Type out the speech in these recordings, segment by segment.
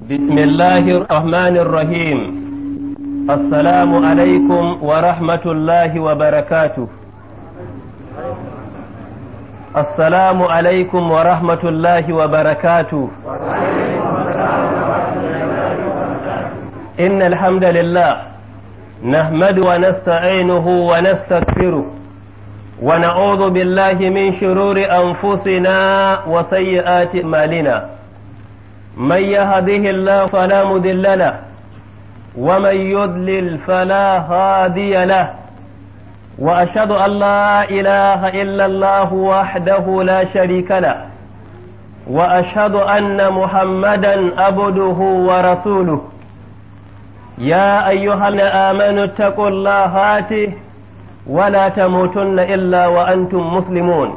بسم الله الرحمن الرحيم السلام عليكم ورحمة الله وبركاته السلام عليكم ورحمة الله وبركاته إن الحمد لله نحمد ونستعينه ونستغفره ونعوذ بالله من شرور أنفسنا وسيئات مالنا من يهده الله فلا مضل له ومن يضلل فلا هادي له وأشهد أن لا إله إلا الله وحده لا شريك له وأشهد أن محمدا عبده ورسوله يا أيها الذين آمنوا اتقوا الله هاته ولا تموتن إلا وأنتم مسلمون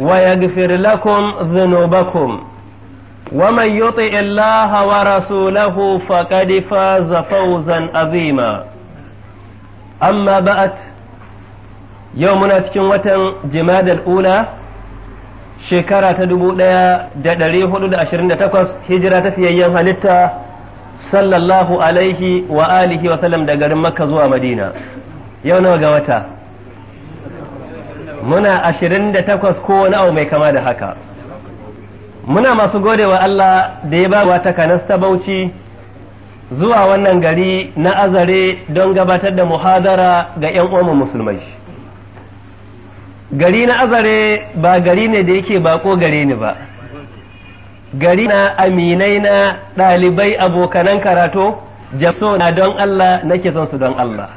ويغفر لكم ذنوبكم ومن يطع الله ورسوله فقد فاز فوزا عظيما أما بعد يومنا cikin watan jimadal ula shekara ta 1428 hijira ta fiyayyen halitta sallallahu alaihi wa alihi wa sallam daga garin makka zuwa madina yau nawa ga wata muna ashirin da takwas ko wani abu mai kama da haka muna masu gode wa Allah da ya ba wa takanas ta bauchi zuwa wannan gari na azare don gabatar da muhadara ga 'yan uwan musulmai gari na azare ba gari ne da yake bako gare ni ba gari na aminai na ɗalibai abokanan karatu jaso na don Allah nake son su don Allah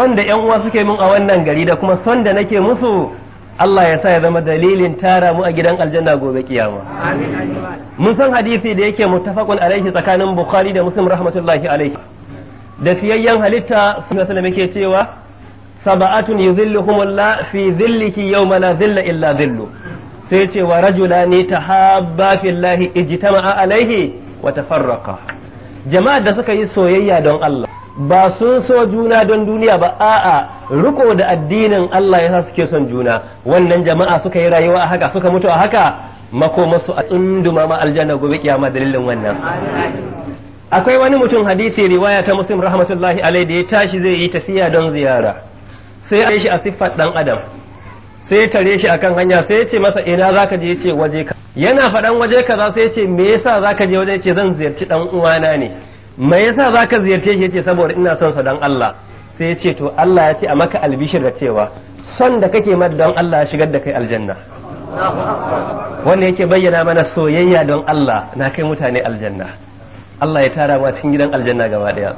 son da yan uwa suke min a wannan gari da kuma son da nake musu Allah ya sa ya zama dalilin tara mu a gidan aljanna gobe kiyama mun san hadisi da yake muttafaqun alaihi tsakanin bukhari da muslim rahmatullahi alaihi da fiyayyen halitta sallallahu alaihi yake cewa sab'atun yuzilluhumullah fi zilliki yawma la zilla illa zillu sai ce wa rajulani tahabba fillahi ijtama'a alaihi wa tafarraqa Jama'a da suka yi soyayya don Allah ba sun so juna don duniya ba a'a riko da addinin Allah yasa suke son juna wannan jama'a suka yi rayuwa a haka suka mutu a haka masu a tsunduma ma aljanna gobe kiyama dalilin wannan akwai wani mutum hadisi riwaya ta muslim rahmatullahi alai da ya tashi zai yi tafiya don ziyara sai a shi a siffar dan adam sai tare shi akan hanya sai ya ce masa ina zaka je ce waje ka yana faɗan waje kaza sai ya ce me yasa zaka je waje ce zan ziyarci dan uwana ne me yasa zaka ziyarce shi yace saboda ina son sa dan Allah sai ya ce to Allah ya ce a maka albishir da cewa son da kake mata don Allah ya shigar da kai aljanna wanda yake bayyana mana soyayya don Allah na kai mutane aljanna Allah ya tara mu cikin gidan aljanna gaba daya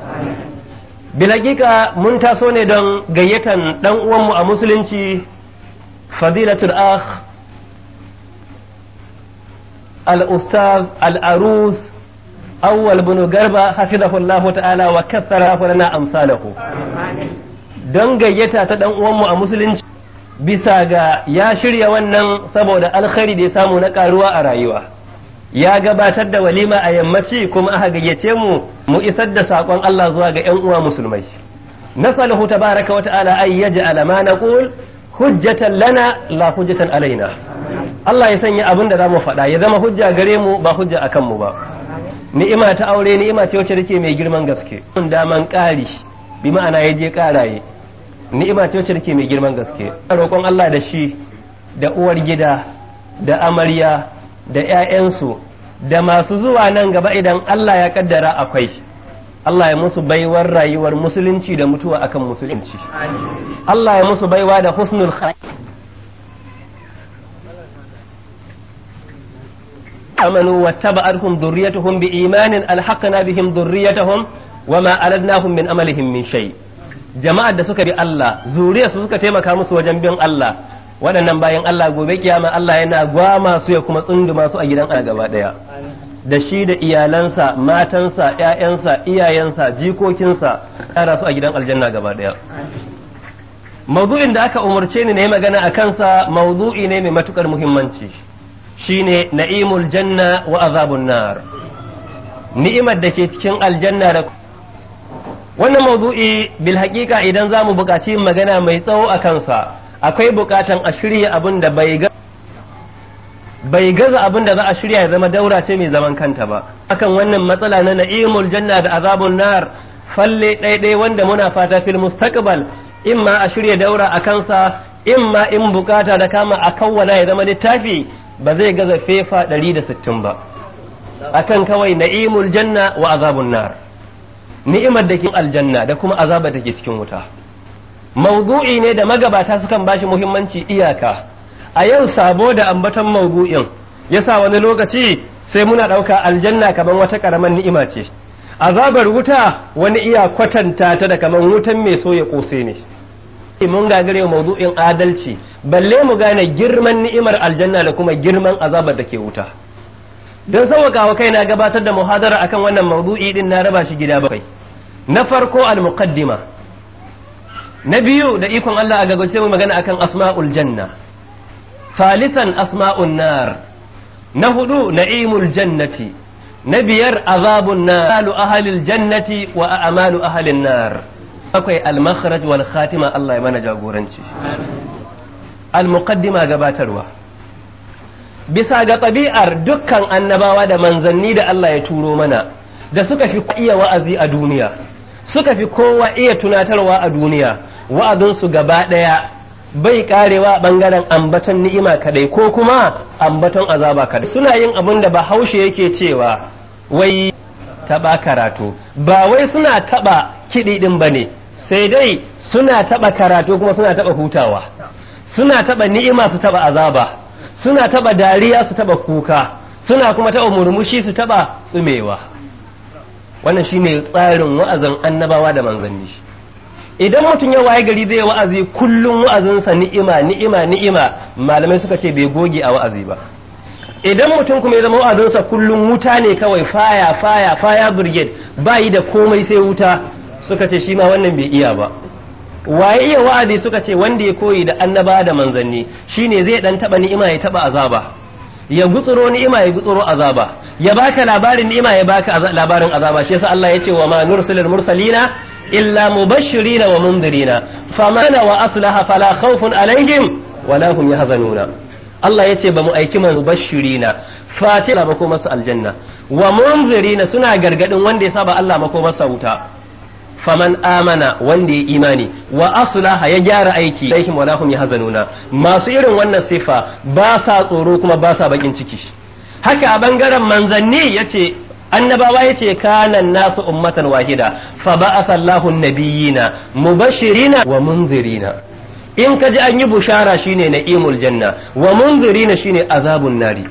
bilagika mun taso ne don gayyatan dan uwanmu a musulunci fadilatul akh al-ustaz al-arus awwal bunu garba hafizahullahu ta'ala wa kassara lana amsalahu don gayyata ta dan uwanmu a musulunci bisa ga ya shirya wannan saboda alkhairi da ya samu na karuwa a rayuwa ya gabatar da walima a yammaci kuma aka gayyace mu mu isar da sakon Allah zuwa ga ƴan uwa musulmai nasalahu tabaraka wata'ala ay yaj'al ma naqul hujjatan lana la hujjatan alaina Allah ya sanya abin da zamu faɗa ya zama hujja gare mu ba hujja akan mu ba ni'ima ta aure ni'ima ce wacce take mai girman gaske mun daman ƙari bi ma'ana ya je ƙaraye ni'ima ce wacce take mai girman gaske roƙon Allah da shi da uwar gida da amarya da ƴaƴansu da masu zuwa nan gaba idan Allah ya kaddara akwai Allah ya musu baiwar rayuwar musulunci da mutuwa akan musulunci Allah ya musu baiwa da husnul khatimah آمنوا واتبعتهم ذريتهم بإيمان ألحقنا بهم ذريتهم وما ألدناهم من أملهم من شيء jama'ar da suka bi Allah zuriya su suka taimaka musu wajen bin Allah waɗannan bayan Allah gobe kiyama Allah yana gwama su ya kuma tsunduma su a gidan ana gaba ɗaya da shi da iyalansa matansa ƴaƴansa iyayensa jikokinsa tsara rasu a gidan aljanna gaba ɗaya mawdu'in da aka umarce ni na yi magana a kansa mawdu'i ne mai matukar muhimmanci shine na'imul janna wa azabun nar ni'imar da ke cikin aljanna da wannan mawdu'i bil haqiqa idan zamu bukaci buƙaci magana mai tsawo a kansa akwai buƙatan a shirya abin da bai gaza abin da za a shirya ya zama daura ce mai zaman kanta ba akan wannan matsala na na'imul janna da azabun nar falle ɗaiɗai wanda muna fata fil mustaqbal imma a shirya daura a kansa imma in bukata da kama a kawwana ya zama littafi ba zai gaza fefa da sittin ba akan kawai na'imul janna wa azabun nar ni'imar da ke aljanna da kuma azabar da ke cikin wuta mawdu'i ne da magabata sukan bashi muhimmanci iyaka a yau sabo da ambaton mawdu'in yasa wani lokaci sai muna ɗauka aljanna kamar wata ƙaramar ni'ima ce azabar wuta wani iya kwatanta ta da kamar wutan mai so ya ƙose ne mun gagare maudu'in adalci balle mu gane girman ni'imar aljanna da kuma girman azabar da ke wuta don kawo kai na gabatar da muhadara akan wannan maudu'i din na raba shi gida bakwai na farko al-muqaddima na biyu da ikon Allah a gagauce mu magana akan asma'ul janna salisan asma'un nar na hudu na'imul jannati na biyar azabun nar ahalil jannati wa a'malu ahalin nar akwai al-makhraj wal khatima Allah ya mana jagoranci al-muqaddima gabatarwa bisa ga ɗabi'ar dukkan annabawa da manzanni da Allah ya turo mana da suka fi iya wa'azi a duniya suka fi kowa iya tunatarwa a duniya wa'azinsu gaba ɗaya bai karewa bangaren ambaton ni'ima kadai ko kuma ambaton azaba kadai suna yin abin da bahaushe yake cewa wai taba karatu ba wai suna taba kiɗi ɗin ba ne sai dai suna taɓa karatu kuma suna taba hutawa suna taba ni'ima su taɓa azaba suna taba dariya su taɓa kuka suna kuma taba murmushi su taɓa tsumewa wannan shine tsarin wa'azin annabawa da manzanni idan mutum ya waye gari zai wa'azi kullum wa'azinsa ni'ima ni'ima ni'ima malamai suka ce bai goge a wa'azi ba idan mutum kuma ya zama wa'azinsa kullum wuta ne kawai faya faya faya brigade bayi da komai sai wuta suka ce shi ma wannan bai iya ba waye iya wa'adi suka ce wanda ya koyi da annaba da manzanni shine zai dan taba ni'ima ya taba azaba ya gutsuro ni'ima ya gutsuro azaba ya baka labarin ni'ima ya baka labarin azaba shi yasa Allah ya ce wa ma nursilul mursalina illa mubashirina wa mundirina famana wa aslaha fala khawfun alaihim wala hum yahzanuna Allah ya ce ba mu aiki mubashirina fati la mako masu aljanna wa mundirina suna gargadin wanda ya saba Allah mako masa wuta faman amana wanda ya imani wa aslaha ya gyara aiki laihim wala hum yahzanuna masu irin wannan sifa ba sa tsoro kuma ba sa bakin ciki haka a bangaren manzanni yace annabawa yace kana nasu ummatan wahida fa ba'atha Allahu nabiyina mubashirina wa munzirina in ji an yi bushara shine na'imul janna wa munzirina shine azabun nari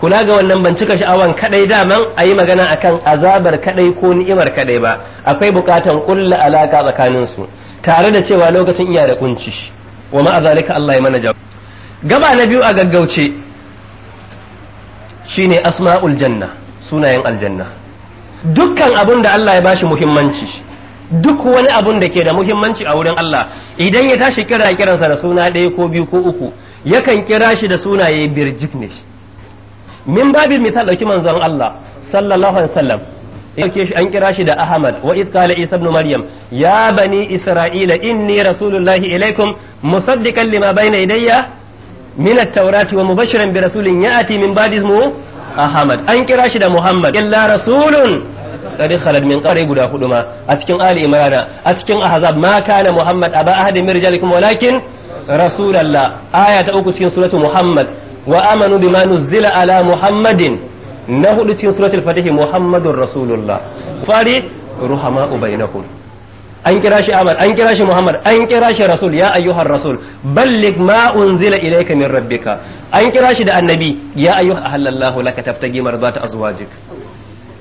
kula ga wannan ban cika sha'awan kadai daman a yi magana akan azabar kadai ko ni'imar kadai ba akwai bukatan kulla alaka tsakanin su tare da cewa lokacin iya da kunci wa ma azalika Allah ya mana jawab gaba na biyu a gaggauce shine asma'ul janna sunayen aljanna dukkan abun da Allah ya bashi muhimmanci duk wani abun da ke da muhimmanci a wurin Allah idan ya tashi kira kiransa da suna ɗaya ko biyu ko uku yakan kira shi da sunaye birjik min babin misal dauki manzon Allah sallallahu alaihi wasallam yake shi an kira shi da Ahmad wa idh qala Isa ibn Maryam ya bani Isra'ila inni rasulullahi ilaikum musaddiqan lima bayna yadayya min at-taurati wa mubashiran bi rasulin ya'ti min ba'di ismihi Ahmad an kira shi da Muhammad illa rasulun qad khalad min qari guda hudu ma a cikin Ali Imran a cikin Ahzab ma kana Muhammad aba ahadin min rijalikum walakin Rasulallah aya ta uku cikin suratu Muhammad wa amanu bima nuzila ala muhammadin na hudu cikin suratul fatih muhammadur rasulullah fari ruhama bainahum an kira shi an kira muhammad an kira rasul ya ayyuhar rasul ballig ma unzila ilayka min rabbika an kira shi da annabi ya ayyuha ahallallahu laka taftagi marzata azwajik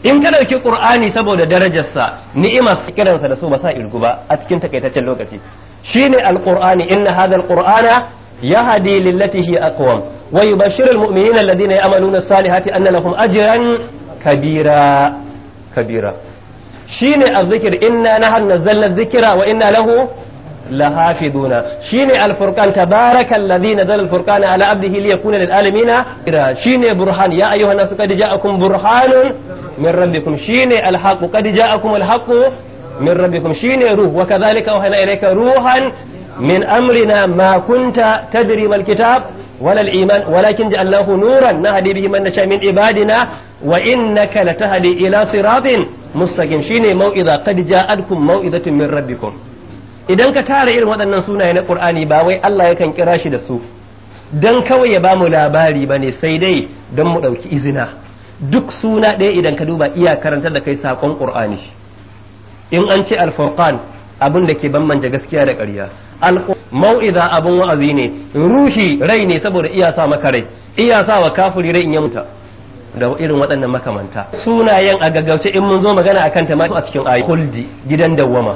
in ka dauki qur'ani saboda darajarsa ni'imar kiransa da su ba sa irgu ba a cikin takaitaccen lokaci Shi ne shine alqur'ani inna Kur'ana ya yahdi lillati hi aqwam wa yubashshirul mu'minina alladhina ya'maluna as-salihati anna lahum ajiyan. kabira kabira shine azzikir inna nahnu nazzalna adh-dhikra wa inna lahu lahafiduna shine al-furqan tabaraka alladhi nazala al-furqan ala abdihi liyakuna lil alamin shine burhan ya ayyuha an-nas qad ja'akum burhanun min rabbikum shine al-haqq qad ja'akum al-haqq min rabbikum shine ruh wa ruhan min amrina ma kunta kitab ولا الإيمان ولكن جعلناه نورا نهدي به من نشاء من عبادنا وإنك لتهدي إلى صراط مستقيم شيني موئذة قد جاءتكم موئذة من ربكم idan ka tara irin waɗannan sunaye na ƙur'ani ba wai Allah yakan kira shi da su don kawai ya bamu labari ba ne sai dai don mu ɗauki izina duk suna ɗaya idan ka duba iya karanta da kai saƙon ƙur'ani in an ce alfurqan abin da ke bambanta gaskiya da ƙarya mau'iza abun wa'azi ne ruhi rai ne saboda iya sa maka rai iya sa wa kafiri rai in ya muta da irin waɗannan makamanta sunayen a gaggauce in mun zo magana a kanta masu a cikin ayi huldi gidan dawwama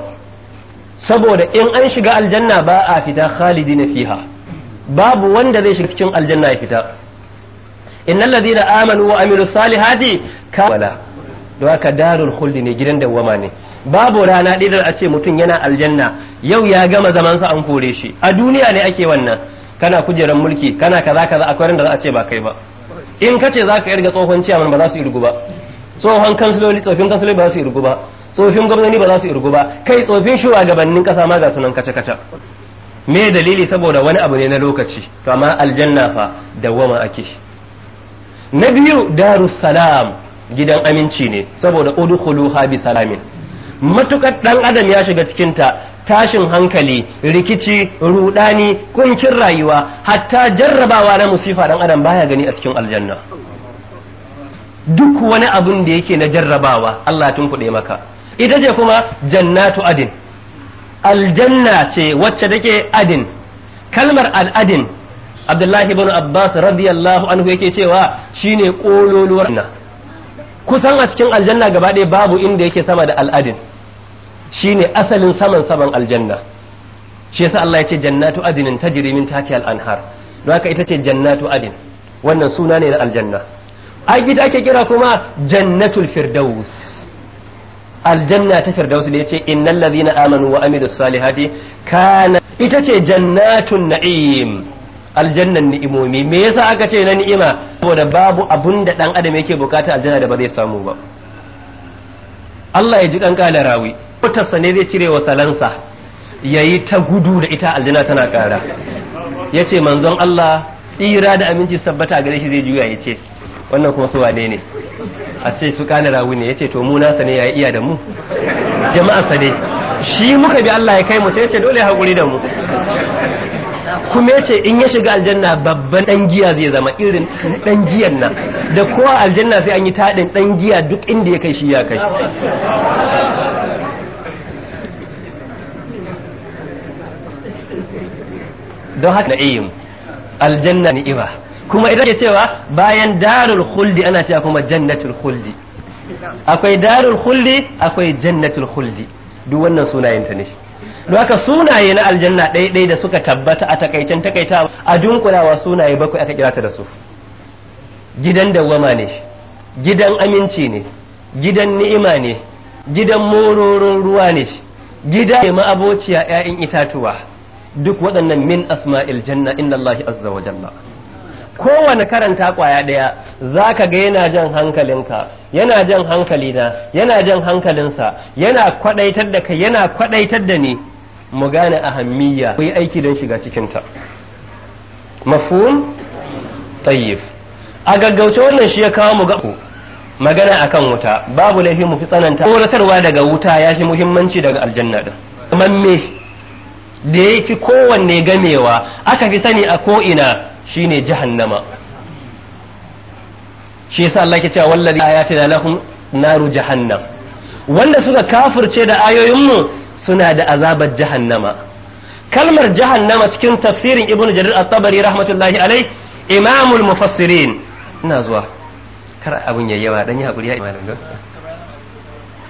saboda in an shiga aljanna ba a fita khalidina fiha babu wanda zai shiga cikin aljanna ya fita innal ladina amanu wa amilu salihati ka wala don darul khuldi ne gidan dawwama ne babu rana ɗaya a ce mutum yana aljanna yau ya gama zamansa an kore shi a duniya ne ake wannan kana kujeran mulki kana kaza kaza akwai ran da za a ce ba kai ba in ka ce za ka irga tsohon ciyaman ba za su irgu ba tsohon kansiloli tsofin kansiloli ba za su irgu ba tsofin gwamnati ba za su irgu ba kai tsofin shugabannin kasa ma ga sunan kace kace me dalili saboda wani abu ne na lokaci to amma aljanna fa dawama ake na biyu darussalam gidan aminci ne saboda udkhuluha bi salamin matukar ɗan adam ya shiga cikinta tashin hankali rikici rudani kunkin rayuwa hatta jarrabawa na musifa ɗan adam baya gani a cikin aljanna duk wani abun da yake na jarrabawa Allah tun kuɗe maka ita ce kuma jannatu adin aljanna ce wacce take adin kalmar al'adin abdullahi ibn abbas radiyallahu anhu yake cewa shine kololuwar na kusan a cikin aljanna gaba ɗaya babu inda yake sama da al'adin shine asalin saman saman aljanna shi yasa Allah ya ce jannatu adinin tajri min tahtiha al-anhar don haka ita ce jannatu adin wannan suna ne na aljanna ai ita ake kira kuma jannatul firdaus aljanna ta firdaus da yace innal ladhina amanu wa Saliha salihati kana ita ce jannatun na'im aljannan ni'imomi me yasa aka ce na ni'ima saboda babu abun da dan adam yake bukata aljanna da ba zai samu ba Allah ya ji kanka rawi fitarsa ne zai cire wa salansa ya yi ta gudu da ita aljina tana kara ya ce manzon Allah tsira da aminci sabbata a gare shi zai juya ya ce wannan kuma suwa wane ne a ce su kane rawu ne ya ce to mu nasa ne ya iya da mu jama'a sa shi muka bi Allah ya kai mu ya ce dole haƙuri da mu kuma ya ce in ya shiga aljanna babban dan giya zai zama irin dan giyan nan da kowa aljanna sai an yi taɗin ɗan giya duk inda ya kai shi ya kai don haka na'im aljanna ni'ima kuma idan ke cewa bayan darul khuldi ana cewa kuma jannatul khuldi akwai darul khuldi akwai jannatul khuldi duk wannan sunayen ta ne don haka sunaye na aljanna ɗaiɗai da suka tabbata a takaicen takaita a dunkulawa sunaye bakwai aka kira ta da su gidan dawwama ne gidan aminci ne gidan ni'ima ne gidan mororon ruwa ne gida ne ma'abociya 'ya'yan itatuwa duk waɗannan min asma'il janna inna Allahi azza wa jalla kowane karanta kwaya ɗaya za ka ga yana jan hankalinka yana jan hankalina yana jan hankalinsa yana kwaɗaitar da kai yana kwaɗaitar da ni mu gane ahammiya ku yi aiki don shiga cikinta mafhum tayyib a gaggauce wannan shi ya kawo mu ga magana akan wuta babu laifi mu fi tsananta koratarwa daga wuta ya shi muhimmanci daga aljanna din me da ya fi kowanne gamewa aka fi sani a ko'ina shine jahannama shi yasa Allah ke cewa wallazi ayati da lahum naru jahannam wanda suka kafirce da ayoyinmu suna da azabar jahannama kalmar jahannama cikin tafsirin ibnu jarir at-tabari rahmatullahi alai imamul mufassirin ina zuwa kar abun yayi yawa dan yi hakuri ya imanin don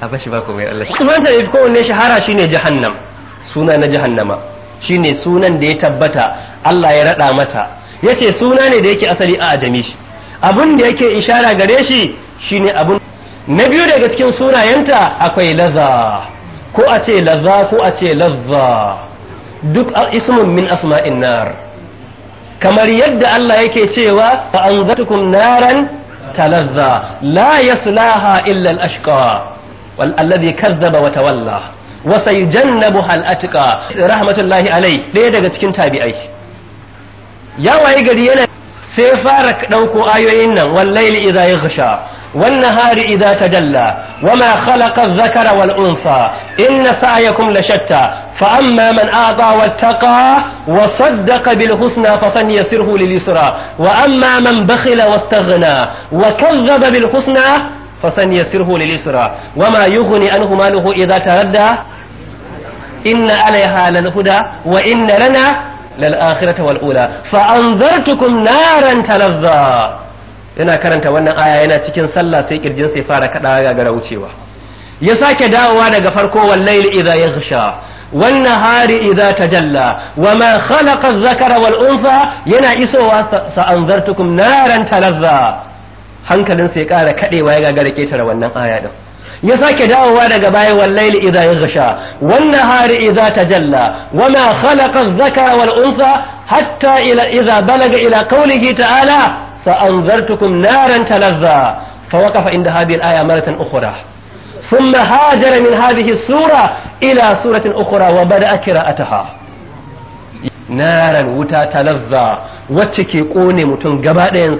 a bashi ba mai Allah kuma ta yi kowanne shahara shine jahannam suna na jahannama shine sunan da ya tabbata Allah ya raɗa mata yace suna ne da yake asali a ajami shi abin da yake ishara gare shi shine abin na biyu daga cikin sunayenta akwai laza ko a ce laza ko a ce laza duk ismun min asma'in nar kamar yadda Allah yake cewa fa anzatukum naran talazza la yaslaha illa al-ashqa wal alladhi kazzaba wata tawalla wa sayujannabuha al-atqa rahmatullahi alai ɗaya daga cikin tabi'ai ya waye gari yana sai fara ɗauko ayoyin nan wallaili idza yaghsha wan nahari idza tajalla wama khalaqa adh-dhakara wal untha inna sa'yakum lashatta fa amma man a'ta wattaqa wa saddaqa bil husna fa sanyasirhu lil yusra wa amma man bakhila wastaghna wa kadhaba bil husna فسنيسره لليسرى وما يغني عنه ماله إذا تردى inna alaya lal huda wa inna lana lal akhirata wal ula talazza karanta wannan aya yana cikin sallah sai kirjin sai fara kada gagara wucewa ya sake dawowa daga farko wal layl ya yaghsha wan nahari idha tajalla wa ma khalaqa dhakara wal untha yana isowa sa anzartukum naran talazza hankalin sai ya kara kadewa ya gagara ketare wannan aya din ya sake dawowa daga baya wallaili idza yaghsha wan nahari idza tajalla wama khalaqa adh-dhakara wal untha hatta ila idza balaga ila qawlihi ta'ala sa'anzartukum naran talazza فوقف عند هذه الآية مرة أخرى ثم هاجر من هذه السورة إلى سورة أخرى وبدأ قراءتها نارا وتا تلظى وتكي قوني متن قبائل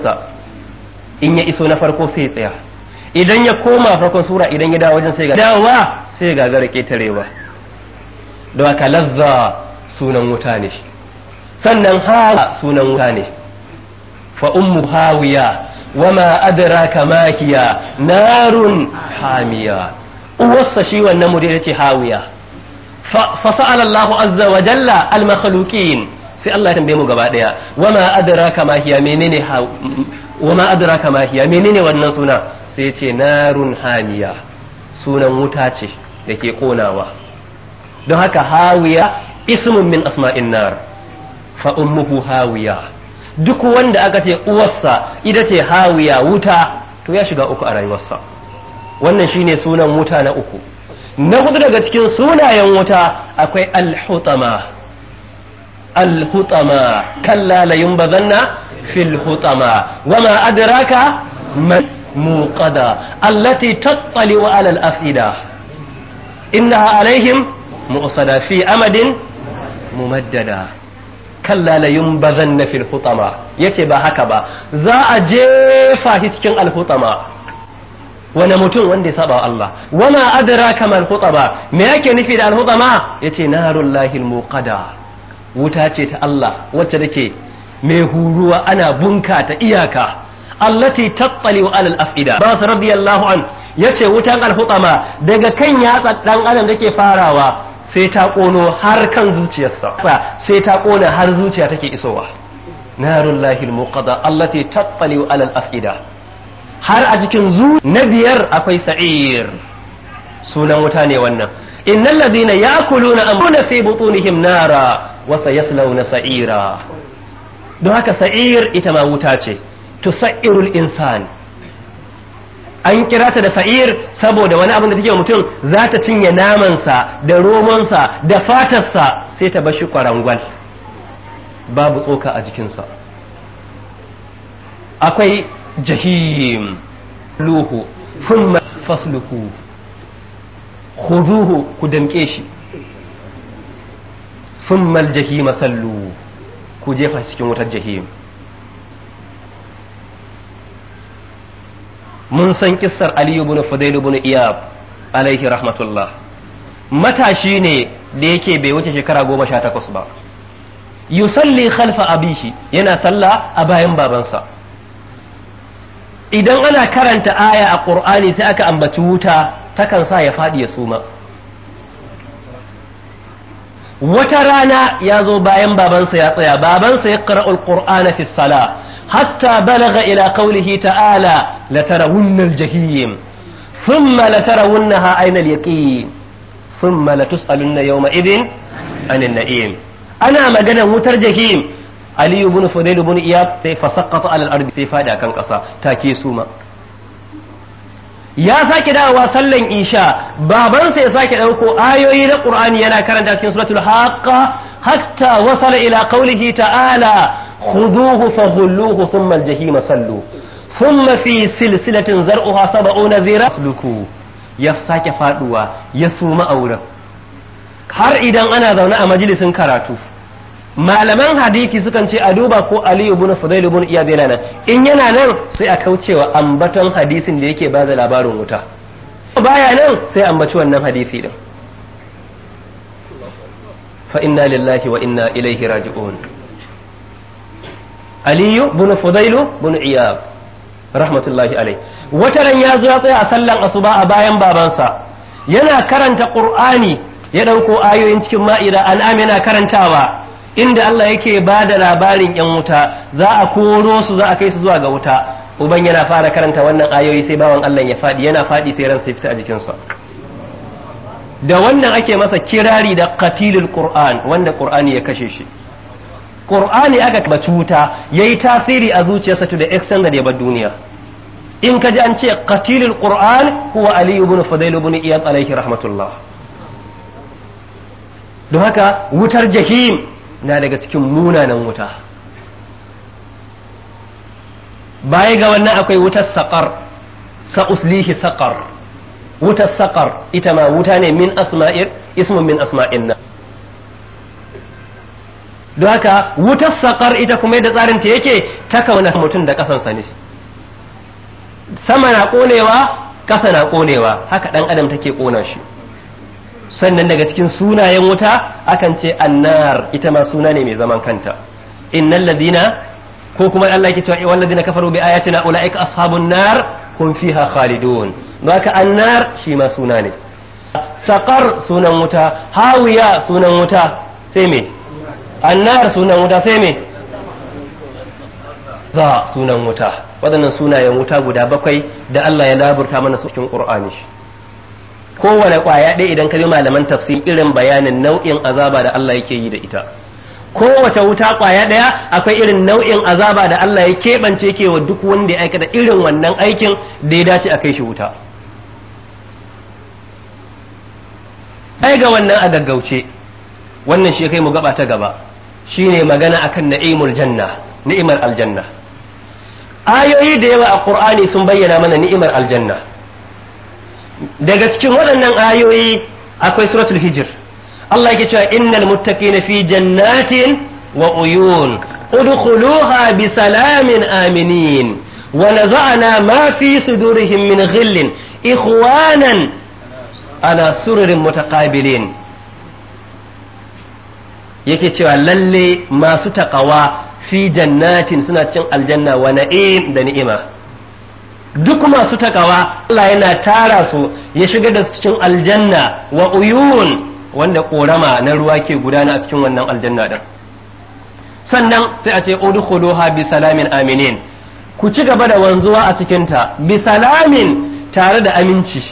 إن يئسوا نفرقوا سيطيا idan ya koma farkon sura idan ya dawo wajen sai ga dawa sai ga gara ketarewa da haka lazza sunan wuta ne sannan hawa sunan wuta ne fa ummu hawiya ma adraka makiya narun hamiya uwarsa shi wannan murid yace hawiya fa sa'ala Allahu azza wa jalla al makhluqin sai Allah ya tambaye mu gaba daya ma adraka makiya menene wa ma adraka hiya menene wannan suna sai ya ce narun hamiya sunan wuta ce da ke konawa don haka hawiya ismun min asma'in nar fa hawiya duk wanda aka ce uwarsa ita ce hawiya wuta to ya shiga uku a rayuwarsa wannan shine sunan wuta na uku na hudu daga cikin sunayen wuta akwai alhutama alhutama kan lalayin bazanna. fil hutama wama adraka muqada allati tattali wa ala al afida innaha alaihim mu'sada fi amadin mumaddada kalla la yumbazanna fil hutama yace ba haka ba za a jefa shi cikin al hutama wani mutum wanda ya saba wa Allah wama adraka mal hutama me yake nufi da al yace narullahi al muqada wuta ce ta Allah wacce take mai huruwa ana bunka ta iyaka allati tattali wa alal afida ba su radiyallahu an yace wutan alhutama daga kan yatsa dan adam take farawa sai ta kono har kan zuciyarsa sai ta kona har zuciya take isowa narullahi almuqada allati tattali wa alal afida har a cikin zu na biyar akwai sa'ir sunan wuta ne wannan innal ladina yakuluna amuna fi butunihim nara wa sayaslawna sa'ira don haka sa'ir ita ma wuta ce tusairul insani an kira ta da sa'ir saboda wani abin da take mutum za ta cinye namansa da romansa da fatarsa sai ta bashi kwarangwal babu tsoka a jikinsa akwai jahim luhu thumma fasluhu khuduhu ku damke shi thumma aljahima sallu ku jefa cikin wutar jahim mun san kissar aliyu ibn fudail ibn iyab alaihi rahmatullah matashi ne da yake bai wuce shekara goma sha takwas ba yusalli khalfa abishi yana sallah a bayan babansa idan ana karanta aya a qur'ani sai aka ambaci wuta takan sa ya faɗi ya suma wata rana ya zo bayan babansa ya tsaya babansa ya qara'ul qur'ana fi sala hatta balaga ila kaulihi ta'ala la tarawunna al jahim thumma la tarawunnaha ayna al yaqin thumma la tusalunna yawma idin anin na'im ana maganar wutar jahim aliyu ibn fudail ibn iyab sai fasaqata ala al ardi sai fada kan kasa take suma ya sake dawowa sallan isha babansa ya sake dauko ayoyi na qur'ani yana karanta cikin suratul haqqa hatta wasala ila qawlihi ta'ala khudhuhu faghulluhu thumma al-jahima sallu thumma fi silsilatin zar'uha sab'una zira sluku ya sake faduwa ya suma auren har idan ana zaune a majalisin karatu malaman hadisi sukan ce a duba ko aliyu bin fudail bin iyad yana nan in yana nan sai a kaucewa ambaton hadisin da yake bada labarin wuta baya nan sai ambaci wannan hadisi din fa inna lillahi wa inna ilaihi raji'un aliyu bin fudail bin iyad rahmatullahi alai wata ran ya zuwa tsaya a sallan asuba a bayan babansa yana karanta qur'ani ya dauko ayoyin cikin ma'ida an'am yana karantawa inda Allah yake ba da labarin yan wuta za a koro su za a kai su zuwa ga wuta uban yana fara karanta wannan ayoyi sai bawan Allah ya fadi yana fadi sai ransa fita a jikinsa da wannan ake masa kirari da qatilul qur'an wanda qur'ani ya kashe shi qur'ani aka baci wuta yayi tasiri a zuciyarsa to da extended ya ba duniya in ka ji an ce qatilul qur'an huwa ali ibn fudayl ibn iyad alayhi rahmatullah don haka wutar jahim na daga cikin munanan wuta baya ga wannan akwai wutar saƙar uslihi saƙar wutar saƙar ita ma wuta ne min asma'ir ismun min asma'in nan don haka wutar saƙar ita kuma yadda tsarin ta yake ta kauna mutum da ƙasansa ne sama na ƙonewa ƙasa na ƙonewa haka ɗan adam take ƙona shi sannan daga cikin sunayen wuta akan ce annar ita ma suna ne mai zaman kanta innal ladina ko kuma Allah yake cewa wal ladina kafaru bi ayatina ulaika ashabun nar hum fiha khalidun maka annar shi ma suna ne saqar sunan wuta hawiya sunan wuta sai me annar sunan wuta sai me za sunan wuta waɗannan sunayen wuta guda bakwai da Allah ya laburta mana su cikin Qur'ani kowane kwaya ɗaya idan ka bi malaman tafsir irin bayanin nau'in azaba da Allah yake yi da ita kowace wuta kwaya ɗaya akwai irin nau'in azaba da Allah ya keɓance ke wa duk wanda ya aikata irin wannan aikin da ya dace a kai shi wuta ai ga wannan a gaggauce wannan shi kai mu gaba ta gaba shine magana akan na'imul janna ni'imar aljanna ayoyi da yawa a qur'ani sun bayyana mana ni'imar aljanna daga cikin waɗannan ayoyi akwai suratul hijir. Allah yake cewa innal muttaqina fi jannatin wa uyun udkhuluha bi salamin aminin wa naza'na ma fi sudurihim min ghillin ikhwanan ala sururin mutaqabilin yake cewa lalle masu takawa fi jannatin suna cikin aljanna wa na'im da ni'ima duk masu takawa Allah yana tara su ya shiga da su cikin aljanna wa uyun wanda korama na ruwa ke gudana a cikin wannan aljanna din sannan sai a ce udkhuluha bi salamin aminin ku ci gaba da wanzuwa a cikin ta bi salamin tare da aminci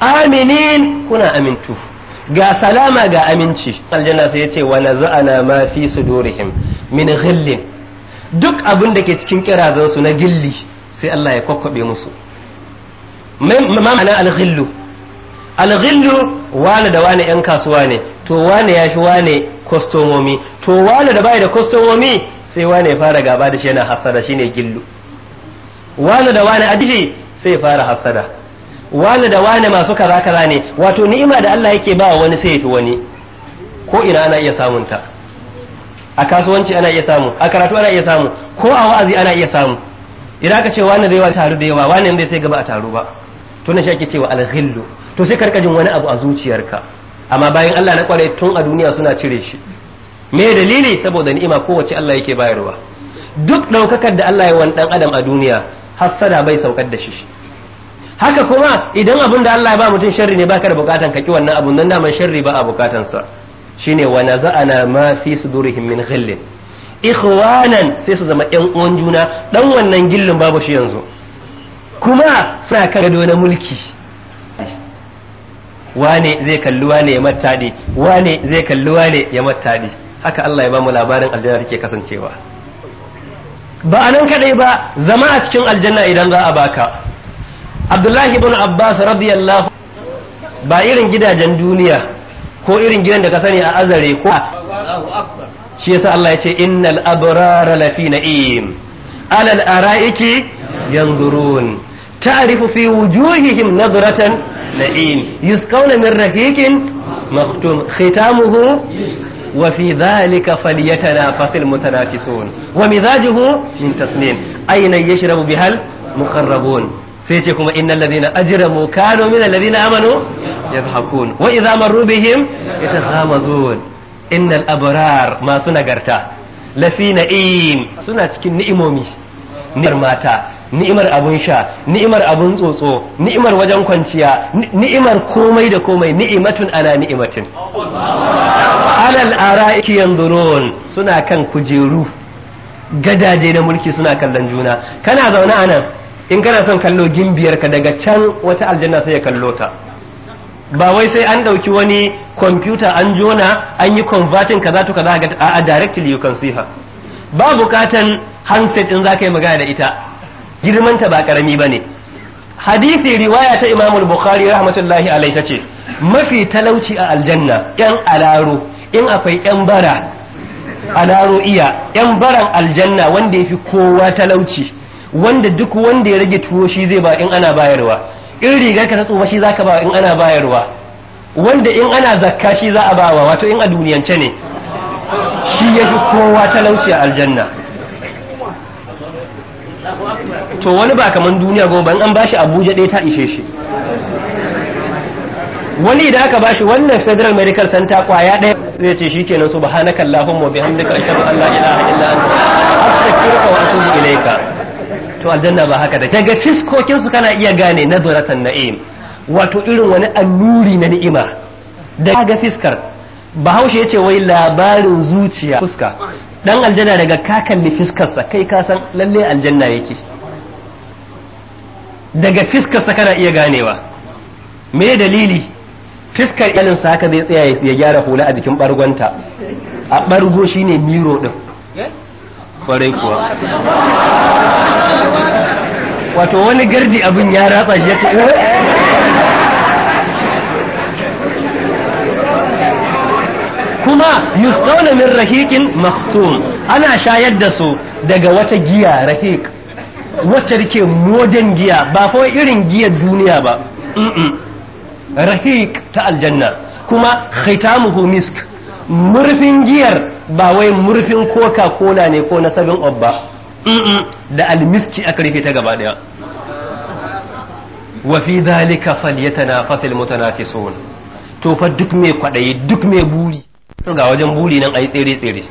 aminin kuna amintu ga salama ga aminci aljanna sai ya ce wa naza'ana ma fi sudurihim min ghillin duk abin da ke cikin kirazansu na gilli sai Allah ya kwakwabe musu ma'ana alghillu alghillu wani da wani yan kasuwa ne to wani ya fi wani kwastomomi to wani da bai da kwastomomi sai wani ya fara gaba da shi yana hasada shine gillu wani da wani adishi sai ya fara hasada wani da wani masu kaza kaza ne wato ni'ima da Allah yake ba wani sai ya fi wani ko ina ana iya samunta a kasuwanci ana iya samu a karatu ana iya samu ko a wa'azi ana iya samu idan aka ce wani da yawa taru da yawa wani zai sai gaba a taru ba to na shaki cewa alghillu to sai karka wani abu a zuciyarka amma bayan Allah na kware tun a duniya suna cire shi me dalili saboda ni'ima kowace Allah yake bayarwa duk daukakar da Allah ya wani dan adam a duniya hassada bai saukar da shi haka kuma idan abin da Allah ya ba mutum sharri ne baka da bukatan ka ki wannan abun nan da man sharri ba a bukatansa shine wa naza'ana ma fi sudurihim min ghillin ikhwanan sai su zama yan uwan juna dan wannan gillin babu shi yanzu kuma suna kan gado na mulki wane zai kalli wane ya mattadi wane zai kalli wane ya haka Allah ya bamu labarin aljanna take kasancewa ba anan kadai ba zama a cikin aljanna idan za a baka Abdullahi ibn Abbas radiyallahu ba irin gidajen duniya ko irin gidan da ka sani a azare ko shi yasa Allah ya ce innal abrara lafi na'im alal araiki yanzurun ta'rifu fi wujuhihim nadratan na'im yusqawna min rahiqin maktum khitamuhu wa fi dhalika mutanafisun wa mizajuhu min المتنافسون ayna yashrabu bihal muqarrabun sai ce kuma innal ladina ajramu kanu min alladhina amanu آمنوا wa idha marru bihim يتغامزون innal abrar masu nagarta lafi na'im suna cikin ni'imomi ni'imar mata ni'imar abun sha ni'imar abun tsotso ni'imar wajen kwanciya ni'imar komai da komai ni'imatun ana ni'imatin alal ara'iki yanzurun suna kan kujeru gadaje na mulki suna kallon juna kana zaune anan in kana son kallo gimbiyar daga can wata aljanna sai ya kallo ta ba wai sai an dauki wani kwamfuta an jona an yi converting kaza to kaza a directly you can see her ba bukatan handset din zaka yi magana da ita girmanta ba karami bane hadisi riwaya ta imamul Bukhari rahmatullahi alaihi tace mafi talauci a aljanna yan alaro in akwai yan bara alaro iya yan baran aljanna wanda yafi kowa talauci wanda duk wanda ya rage tuwo shi zai ba in ana bayarwa in rigar ka ta tsufa shi zaka ba in ana bayarwa wanda in ana zakka shi za a bawa wato in a duniyance ne shi ya fi kowa talauci a aljanna to wani ba kaman duniya goma in an bashi abuja ɗaya ta ishe shi wani idan aka bashi wannan federal medical center kwaya ɗaya zai ce shi kenan subhanakallahumma wa bihamdika ashhadu an la ilaha illa anta astaghfiruka wa atubu ilayka to aljanna ba haka da ga fiskokin su kana iya gane na zuratan na'im wato irin wani annuri na ni'ima da ga fiskar bahaushe yace wai labarin zuciya fuska dan aljanna daga ka kalli fiskarsa kai ka san lalle aljanna yake daga fiskarsa kana iya ganewa me dalili fiskar sa haka zai tsaya ya gyara hula a jikin bargonta a bargo shine miro din kwarai eh? kuwa wato wani gardi abin ya ratsa shi ya ce eh? kuma yustauna min rahiqin maktum ana shayar da su daga wata giya rahiq wacce rike modern giya ba fa irin giyar duniya ba rahiq ta aljanna kuma khitamuhu misk murfin giyar ba wai murfin coca cola ne ko na sabin obba da almiski aka rufe ta gaba daya wa fi dhalika falyatanafasul mutanafisun to fa duk mai kwadayi duk mai buri to ga wajen buri nan ayi tsere tsere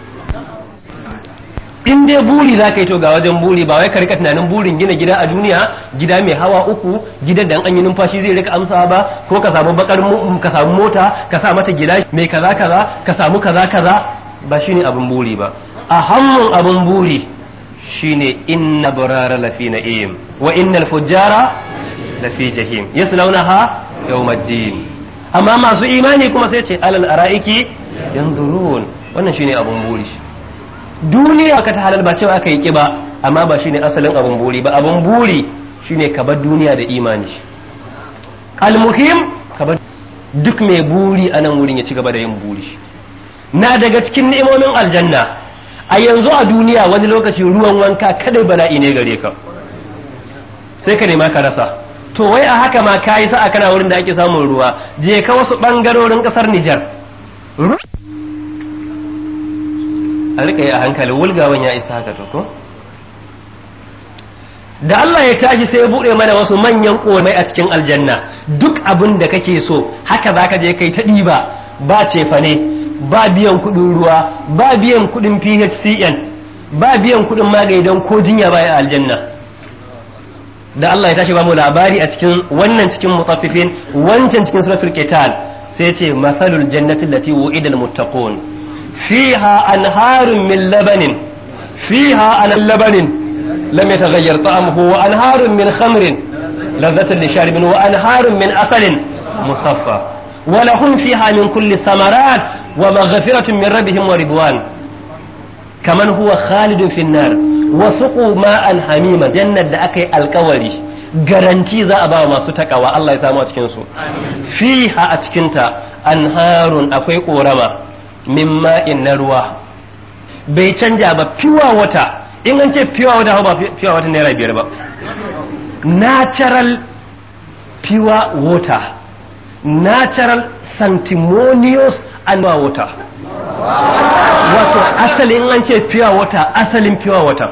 in dai buri za ka to ga wajen buri ba wai ka rika tunanin burin gina gida a duniya gida mai hawa uku gida da an yi numfashi zai rika amsawa ba ko ka samu bakar ka samu mota ka sa mata gida mai kaza kaza ka samu kaza kaza ba shine abin buri ba A ahammun abin buri shine inna burara lafi na'im wa innal fujjara lafi jahim amma masu imani kuma sai ce alal araiki yanzurun wannan shine abun buri duniya ka ta halal ba cewa aka yi kiba amma ba shine asalin abun buri ba abun buri shine ka bar duniya da imani almuhim ka bar duk mai buri a nan wurin ya ci gaba da yin buri na daga cikin ni'imomin aljanna a yanzu a duniya wani lokaci ruwan wanka kadai bala'i ne gare ka sai ka nema ka rasa to wai a haka ma kayi sa'a kana wurin da ake samun ruwa je ka wasu bangarorin kasar Nijar a rika yi a hankali wulgawan ya isa haka ko da Allah ya tashi sai ya buɗe mana wasu manyan komai a cikin aljanna duk abin da kake so haka zaka je kai ta ɗiba ba ce cefane ba biyan kuɗin ruwa ba biyan kuɗin phcn ba biyan kuɗin magaidan ko jinya baya aljanna da Allah ya tashi ba mu labari a cikin wannan cikin mutaffifin wancan cikin suratul qital sai ce masalul jannati allati wu'ida almuttaqun fiha anharun min labanin fiha an labanin lam yataghayyar ta'amuhu wa anharun min khamrin ladzatan lisharibin wa anharun min asalin musaffa ولهم فيها من كل الثمرات ومغفرة من ربهم ورضوان كمن هو خالد في النار وسقوا ماء حميما جنة أكي الكوري garanti za a ba masu takawa Allah ya samu a cikinsu fiha a cikinta anharun akwai korama min ma'in na ruwa bai canja ba fiwa wata in an ce fiwa wata ba fiwa wata naira biyar ba natural fiwa wata natural sanctimonious and pure water wato asalin an ce pure water asalin pure water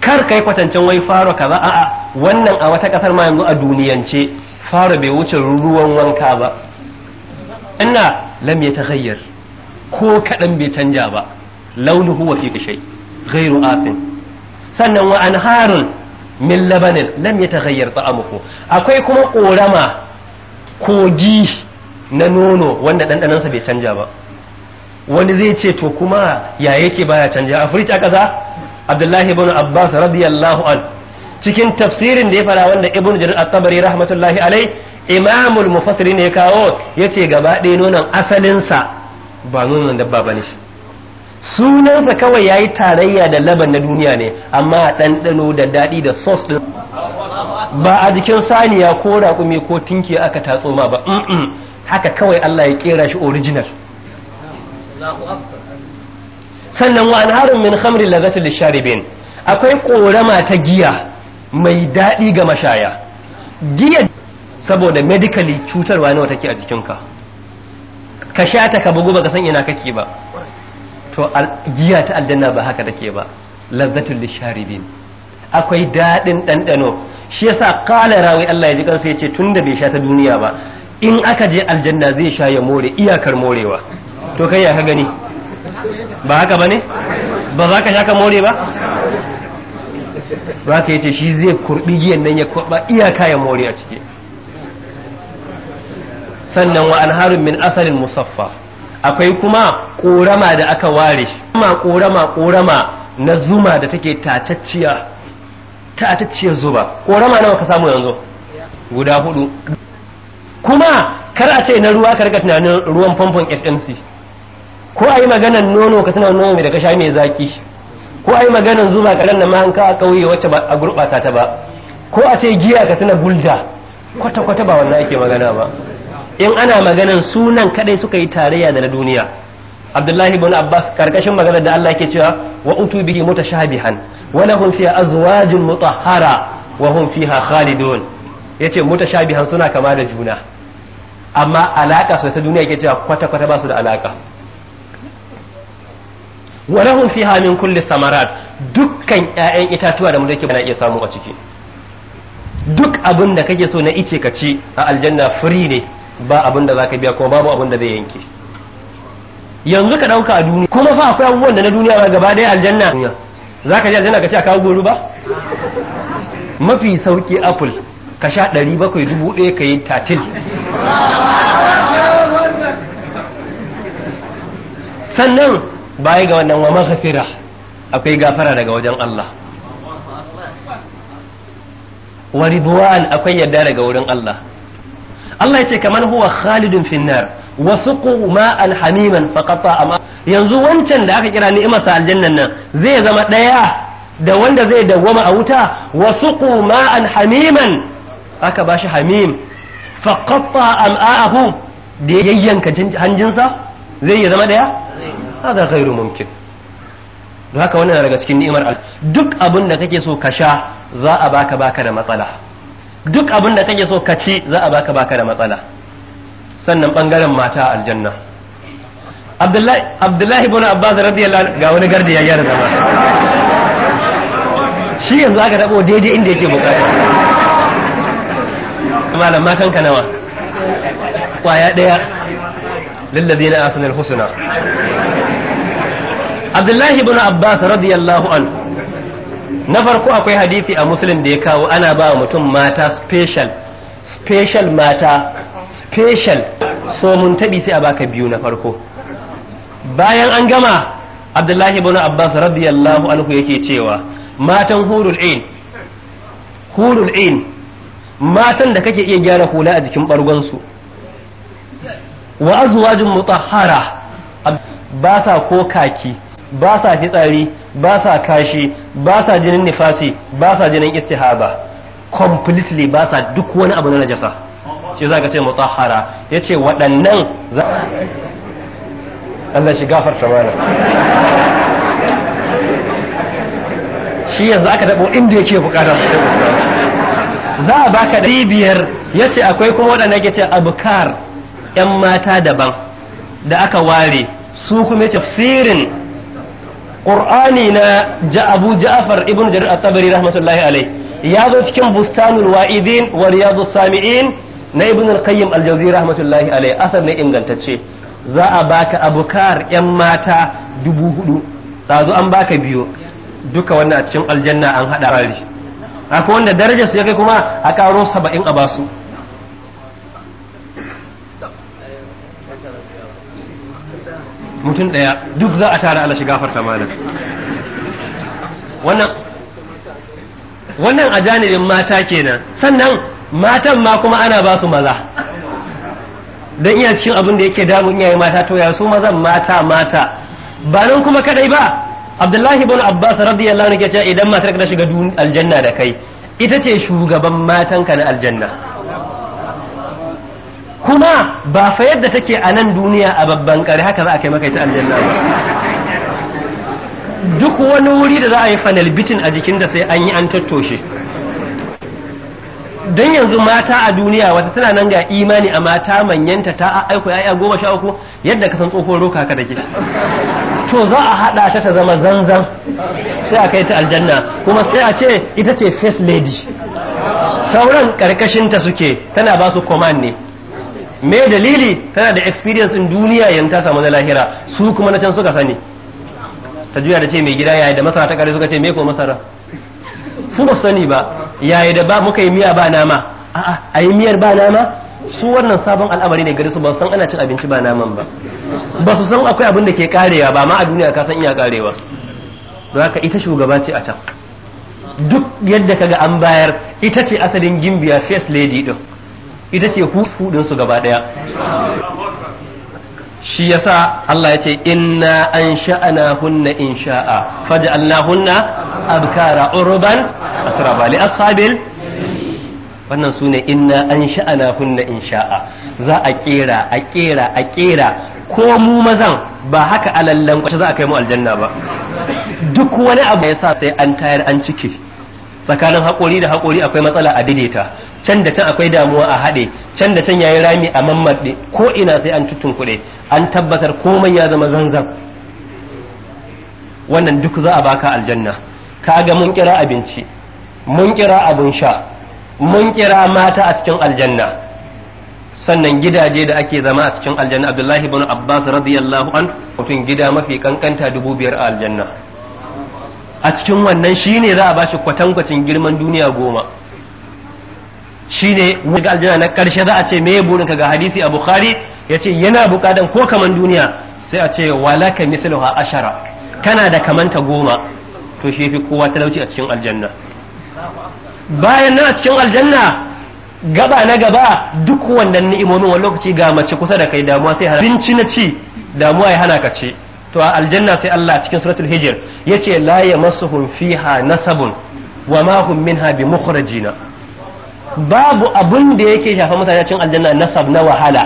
kar kai kwatancin wai faro kaza a wannan a wata kasar ma yanzu a duniyance faro bai wuce ruwan wanka ba ina lam ya taghayyar ko kadan bai canja ba launuhu wa fi kashay ghairu asin sannan wa anharun min labanin lam ya ta amuku akwai kuma korama kogi na nono wanda ɗanɗanansa bai canja ba wani zai ce to kuma ya yake baya canja a a ƙasa abdullahi ibn abbas radiyallahu an cikin tafsirin da ya fara wanda ibn jarir at-tabari rahmatullahi alai imamul mufassiri ne kawo yace gaba ɗaya nonon asalinsa ba nonon dabba bane shi sunansa kawai ya yi tarayya da laban na duniya ne amma ɗanɗano da daɗi da sos. ɗin ba a jikin saniya ko raƙumi ko tinki aka tatso ma ba haka kawai Allah ya kera shi original sannan wa anharun min khamri lazzatil lisharibin akwai korama ta giya mai daɗi ga mashaya giya saboda medically cutarwa nawa take a jikinka ka sha ta ka bugu baka san ina kake ba to giya ta aljanna ba haka take ba lazzatul lisharibin akwai daɗin ɗanɗano shi yasa kala rawi Allah ya ji kansa yace tunda bai sha ta duniya ba in aka je aljanna zai sha ya more iyakar morewa to kai ya ka gani ba haka bane ba za ka sha ka more ba ba ka yace shi zai kurbi giyan nan ya kurba iyaka ya more a ciki sannan wa anharun min asalin musaffa akwai kuma ƙorama da aka ware shi kuma korama korama na zuma da take tacacciya ta ba zuba korama nawa ka samu yanzu guda hudu kuma kar a ce na ruwa ka tunanin ruwan famfon FMC ko a yi maganar nono ka tunanin nono mai daga sha mai zaki ko a yi maganar zuba karen da mahanka a kauye wacce ba a gurɓata ta ba ko a ce giya ka tunanin bulda kwata-kwata ba wannan ake magana ba in ana maganar sunan kadai suka yi tarayya da na duniya abdullahi ibn abbas karkashin maganar da Allah ke cewa wa utu bihi mutashabihan wa lahum fiha azwajun mutahhara wa hum fiha khalidun yace mutashabihan suna kama da juna amma alaka su ta duniya yake cewa kwata kwata ba su da alaka min samarat dukkan 'ya'yan itatuwa da mutum yana iya samu a ciki duk abin da kake so na ice ka ci a aljanna free ne ba abin da zaka biya kuma babu abin da zai yanke yanzu ka dauka a duniya kuma fa akwai abubuwan da na duniya ba gaba daya aljanna za ka jana ga ka a kawo goro ba mafi sauki apple ka sha ɗari bakwai dubu ɗaya ka yi tatil sannan baya ga wannan wa maghfira akwai gafara daga wajen Allah wa ridwan akwai yadda daga wurin Allah Allah ya ce kamar huwa khalidun finnar Wasu ma'an hamiman faqata amma yanzu wancan da aka kira ni'imarsa aljannan nan zai zama ɗaya da wanda zai dawwama a wuta Wasu ma'an hamiman aka ba shi hamim faqatta am'a'ahu da yayyanka hanjinsa zai ya zama daya hada ghairu mumkin don haka wannan daga cikin ni'imar duk abin da kake so ka sha za a baka baka da matsala duk abin da kake so ka ci za a baka baka da matsala sannan bangaren mata a aljanna abdullahi ibn abbas radiyallahu ga wani garda ya gyara zama shi yanzu aka tabo daidai inda yake bukata malam matan ka nawa kwaya daya na asnal husna abdullahi ibn abbas radiyallahu anhu na farko akwai hadisi a muslim da ya kawo ana ba mutum mata special special mata special so mun taɓi sai a baka biyu na farko bayan an gama abdullahi ibn abbas radiyallahu anhu yake cewa matan hurul ain hurul ain matan da kake iya gyara hula a jikin bargon su wa azwajun mutahhara ba sa ko kaki ba sa fitsari ba sa kashi ba sa jinin nifasi ba sa jinin istihaba completely ba sa duk wani abu na najasa shi za ka ce mutahara ya ce waɗannan za Allah shi gafar mana shi yanzu aka dabo inda yake bukatar za a baka da biyar ya ce akwai kuma waɗanda ke ce abukar 'yan mata daban da aka ware su kuma ya ce sirin. ƙur'ani na abu ja'afar ibn jarir at-tabari rahmatullahi alai ya zo cikin bustanul wa'idin wa riyadu sami'in na ibn al-qayyim al-jawzi rahmatullahi alayhi asar ne ingantacce za a baka abukar yan mata dubu hudu ɗazu an baka biyo duka wannan a cikin aljanna an haɗa rari akwai wanda daraja su ya kai kuma a karo saba'in a basu mutum ɗaya duk za a tara Allah shiga farta malam wannan wannan a janibin mata kenan sannan matan ma kuma ana ba su maza don iya cin abin da yake damun iyaye mata to ya su mazan mata mata ba nan kuma kadai ba abdullahi ibn abbas radiyallahu anhu yace idan matar ka shiga aljanna da kai ita ce shugaban matan ka na aljanna kuma ba fa yadda take a nan duniya a babban kare haka za a kai maka ita aljanna ba duk wani wuri da za a yi fanal bitin a jikin da sai an yi an tattoshe don yanzu mata a duniya wata tana nan ga imani a mata manyanta ta aiko ya'ya goma sha uku yadda ka san tsohuwar roka ka dake to za a hada ta ta zama zanzan sai a kai ta aljanna kuma sai a ce ita ce first lady sauran karkashinta suke tana ba su command ne me dalili tana da experience in duniya yan ta samu na lahira su kuma na can suka sani ta juya da ce mai gida yayi da masara ta kare suka ce me ko masara su ba sani ba yaya da ba muka yi miya ba nama a'a ayi miyar ba nama su wannan sabon al'amari ne gari su ba san ana cin abinci ba naman ba ba su san akwai abin da ke karewa ba ma a duniya ka san iya karewa don haka ita shugaba ce a can duk yadda ka ga an bayar ita ce asalin gimbiya first lady din ita ce hudu su gaba daya shi yasa Allah ya ce inna an sha'ana hunna in sha'a faj'alna hunna abkara urban atraba li ashabil wannan su inna an sha'ana hunna in sha'a za a kera a kera a kera ko mu mazan ba haka alallan kwace za a kai mu aljanna ba duk wani abu ya sa sai an tayar an cike tsakanin haƙori da haƙori akwai matsala a daidaita can da can akwai damuwa a haɗe can da can yayi rami a mammaɗe ko ina sai an kuɗe an tabbatar komai ya zama zanzan wannan duk za a baka aljanna kaga mun kira abinci mun kira abun sha mun kira mata a cikin aljanna sannan gidaje da ake zama a cikin aljanna abdullahi ibn abbas radiyallahu an mutum gida mafi kankanta dubu biyar a aljanna a cikin wannan shine za a bashi kwatankwacin girman duniya goma shi shine wanda aljanna na karshe za a ce me burinka ga hadisi a bukhari ce yana bukatan ko kaman duniya sai a ce walaka mithluha ashara kana da kamanta goma to shi fi kowa talauci a cikin aljanna bayan nan a cikin aljanna gaba na gaba duk wannan ni'imomin wani lokaci ga mace kusa da kai damuwa sai hana binci na ci damuwa ya hana ka ce to a aljanna sai Allah cikin suratul hijr yace la yamassuhum fiha nasabun wa ma hum minha bimukhrajina babu abin da yake shafa mutane cin aljanna nasab na wahala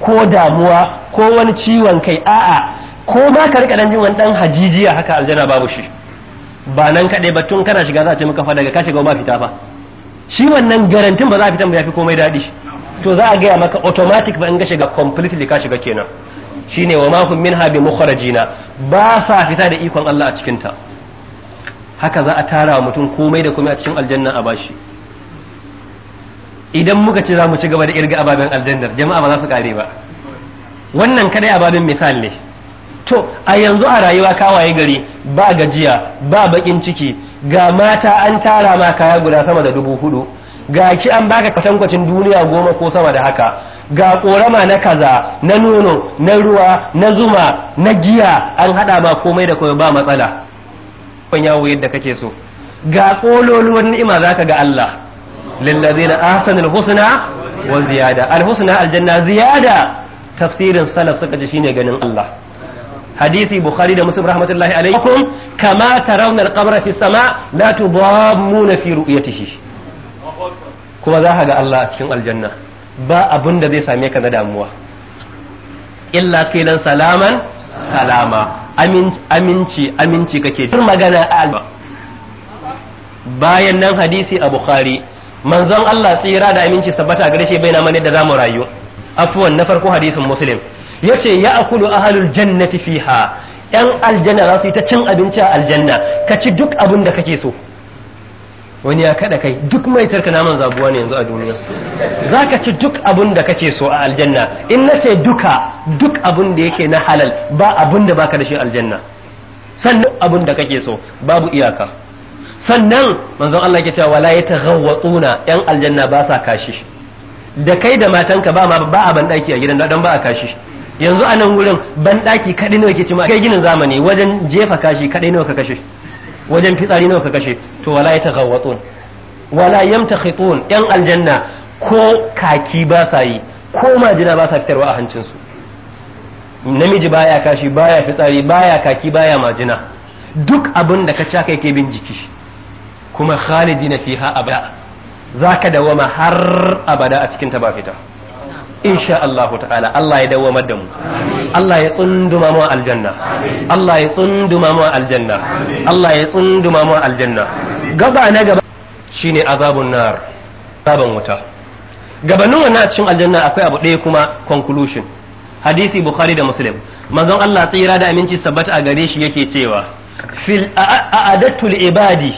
ko damuwa ko wani ciwon kai a'a ko ma ka rika dan jin wani dan hajijiya haka aljanna babu shi ba nan kadai ba tun kana shiga za a ce maka fa daga ka shiga ba fita ba shi wannan garantin ba za a fitan ba yafi komai daɗi to za a gaya maka automatic ba in ga shiga completely ka shiga kenan shine wa ma hum minha bi ba sa fita da ikon Allah a cikin ta haka za a tara mutum komai da komai a cikin aljanna a bashi idan muka ci za mu ci gaba da irga ababen aljandar jama'a ba za su kare ba wannan kadai ababen misal ne to a yanzu a rayuwa kawaye gari ba gajiya ba bakin ciki ga mata an tara ma kaya guda sama da dubu hudu ga ki an baka kasankwacin duniya goma ko sama da haka ga korama na kaza na nono na ruwa na zuma na giya an hada ma komai da kuma ba matsala ban yawo yadda kake so ga kololuwar ni'ima zaka ga Allah للذين أحسن الحسنى وزيادة Aljanna الجنة زيادة تفسير سلف سكت شيني جنن الله حديث بخاري ده مسلم رحمة الله عليكم كما ترون القمر في السماء لا تضامون في رؤيته kuma za ka ga Allah cikin aljanna ba abin da zai same ka na damuwa illa kailan salaman salama aminci aminci kake jin magana bayan nan hadisi a bukhari manzon Allah tsira da aminci sabbata gare shi baina mani da zamu rayu afwan na farko hadisin muslim yace ya akulu ahlul jannati fiha yan aljanna za su yi ta cin abinci a aljanna ka ci duk abin da kake so wani ya kada kai duk mai tarka naman zabuwa ne yanzu a duniya za ka ci duk abin da kake so a aljanna in na ce duka duk abin da yake na halal ba abin da baka da shi aljanna sannan abin da kake so babu iyaka sannan manzon Allah ke cewa wala yataghawwatsuna yan aljanna ba sa kashi da kai da matanka ba ma ba a daki a gidan dan ba a kashi yanzu a nan wurin daki kadai nawa ke cima kai ginin zamani wajen jefa kashi kadai nawa ka kashe wajen fitsari nawa ka kashe to wala yataghawwatsun wala yamtakhitun yan aljanna ko kaki ba sa yi ko majina ba sa fitarwa a su namiji baya kashi baya fitsari baya kaki baya majina duk abin da ka ci kai yake bin jiki kuma khalidina fiha abada za ka dawama har abada a cikin ta ba fita insha Allah ta'ala Allah ya dawama da mu Allah ya tsunduma mu aljanna Allah ya tsunduma mu aljanna Allah ya tsunduma mu aljanna gaba na gaba shine azabun nar azaban wuta gabanin wannan a cikin aljanna akwai abu ɗaya kuma conclusion hadisi bukhari da muslim manzon Allah tsira da aminci sabbata a gare shi yake cewa fil a'adatu ibadi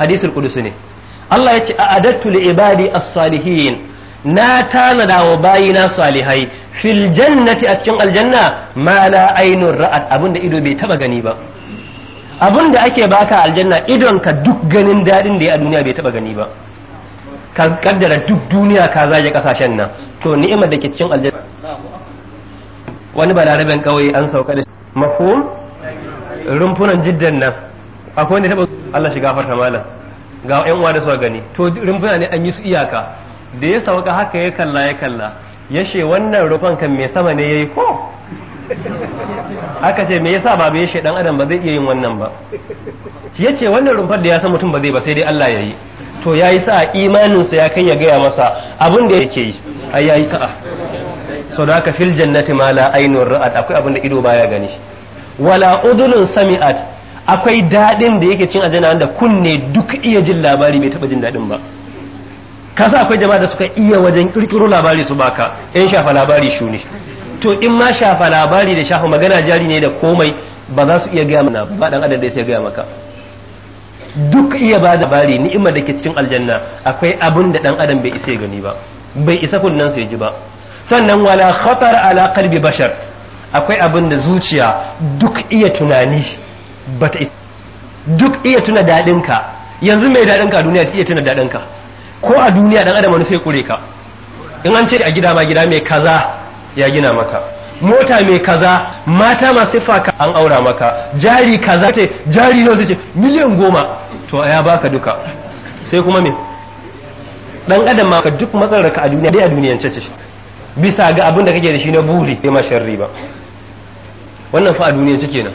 hadisul qudusi ne Allah ya ce adattu li ibadi as-salihin na tanada wa bayina salihai fil jannati a cikin aljanna ma la ainun ra'at abinda ido bai taba gani ba abinda ake baka aljanna idon ka duk ganin dadin da ya a duniya bai taba gani ba ka kaddara duk duniya ka zage kasashen nan to ni'imar da ke cikin aljanna wani balaraben kauye an sauka da mafhum rumfunan jiddan nan akwai wanda taba Allah shi gafarta malam ga 'yan uwa da suka gani to rumfuna ne an yi su iyaka da ya sauka haka ya kalla ya kalla ya she wannan rufan kan mai sama ne yayi ko aka ce me yasa ba bai dan adam ba zai iya yin wannan ba ya ce wannan rumfar da ya san mutum ba zai ba sai dai Allah yi to yayi sa imanin sa ya kai ya gaya masa abin da yake yi ai yayi sa'a sau da ka fil jannati ma la ainur ra'at akwai abin da ido baya gani wala udulun sami'at akwai daɗin da yake cin aljanna wanda kunne duk iya jin labari bai taba jin daɗin ba ka sa akwai jama'a da suka iya wajen kirkiro labari su baka yan shafa labari shu to in ma shafa labari da shafa magana jari ne da komai ba za su iya gaya mana ba dan adam da sai gaya maka duk iya ba da labari ni'imar da ke cikin aljanna akwai abin da dan adam bai isa gani ba bai isa kunnan su ya ji ba sannan wala khatar ala qalbi bashar akwai abin da zuciya duk iya tunani Bata duk iya tuna ka yanzu mai daɗinka a duniya iya tuna ka ko a duniya dan adam wani sai kure ka in an ce a gida ma gida mai kaza ya gina maka mota mai kaza mata masu faka an aura maka jari kaza ce jari nawa zai ce miliyan goma to ya baka duka sai kuma me dan adam ma duk matsalar ka a duniya dai a duniyan ce bisa ga abin da kake da shi na buri sai ma ba wannan fa a duniyan ce kenan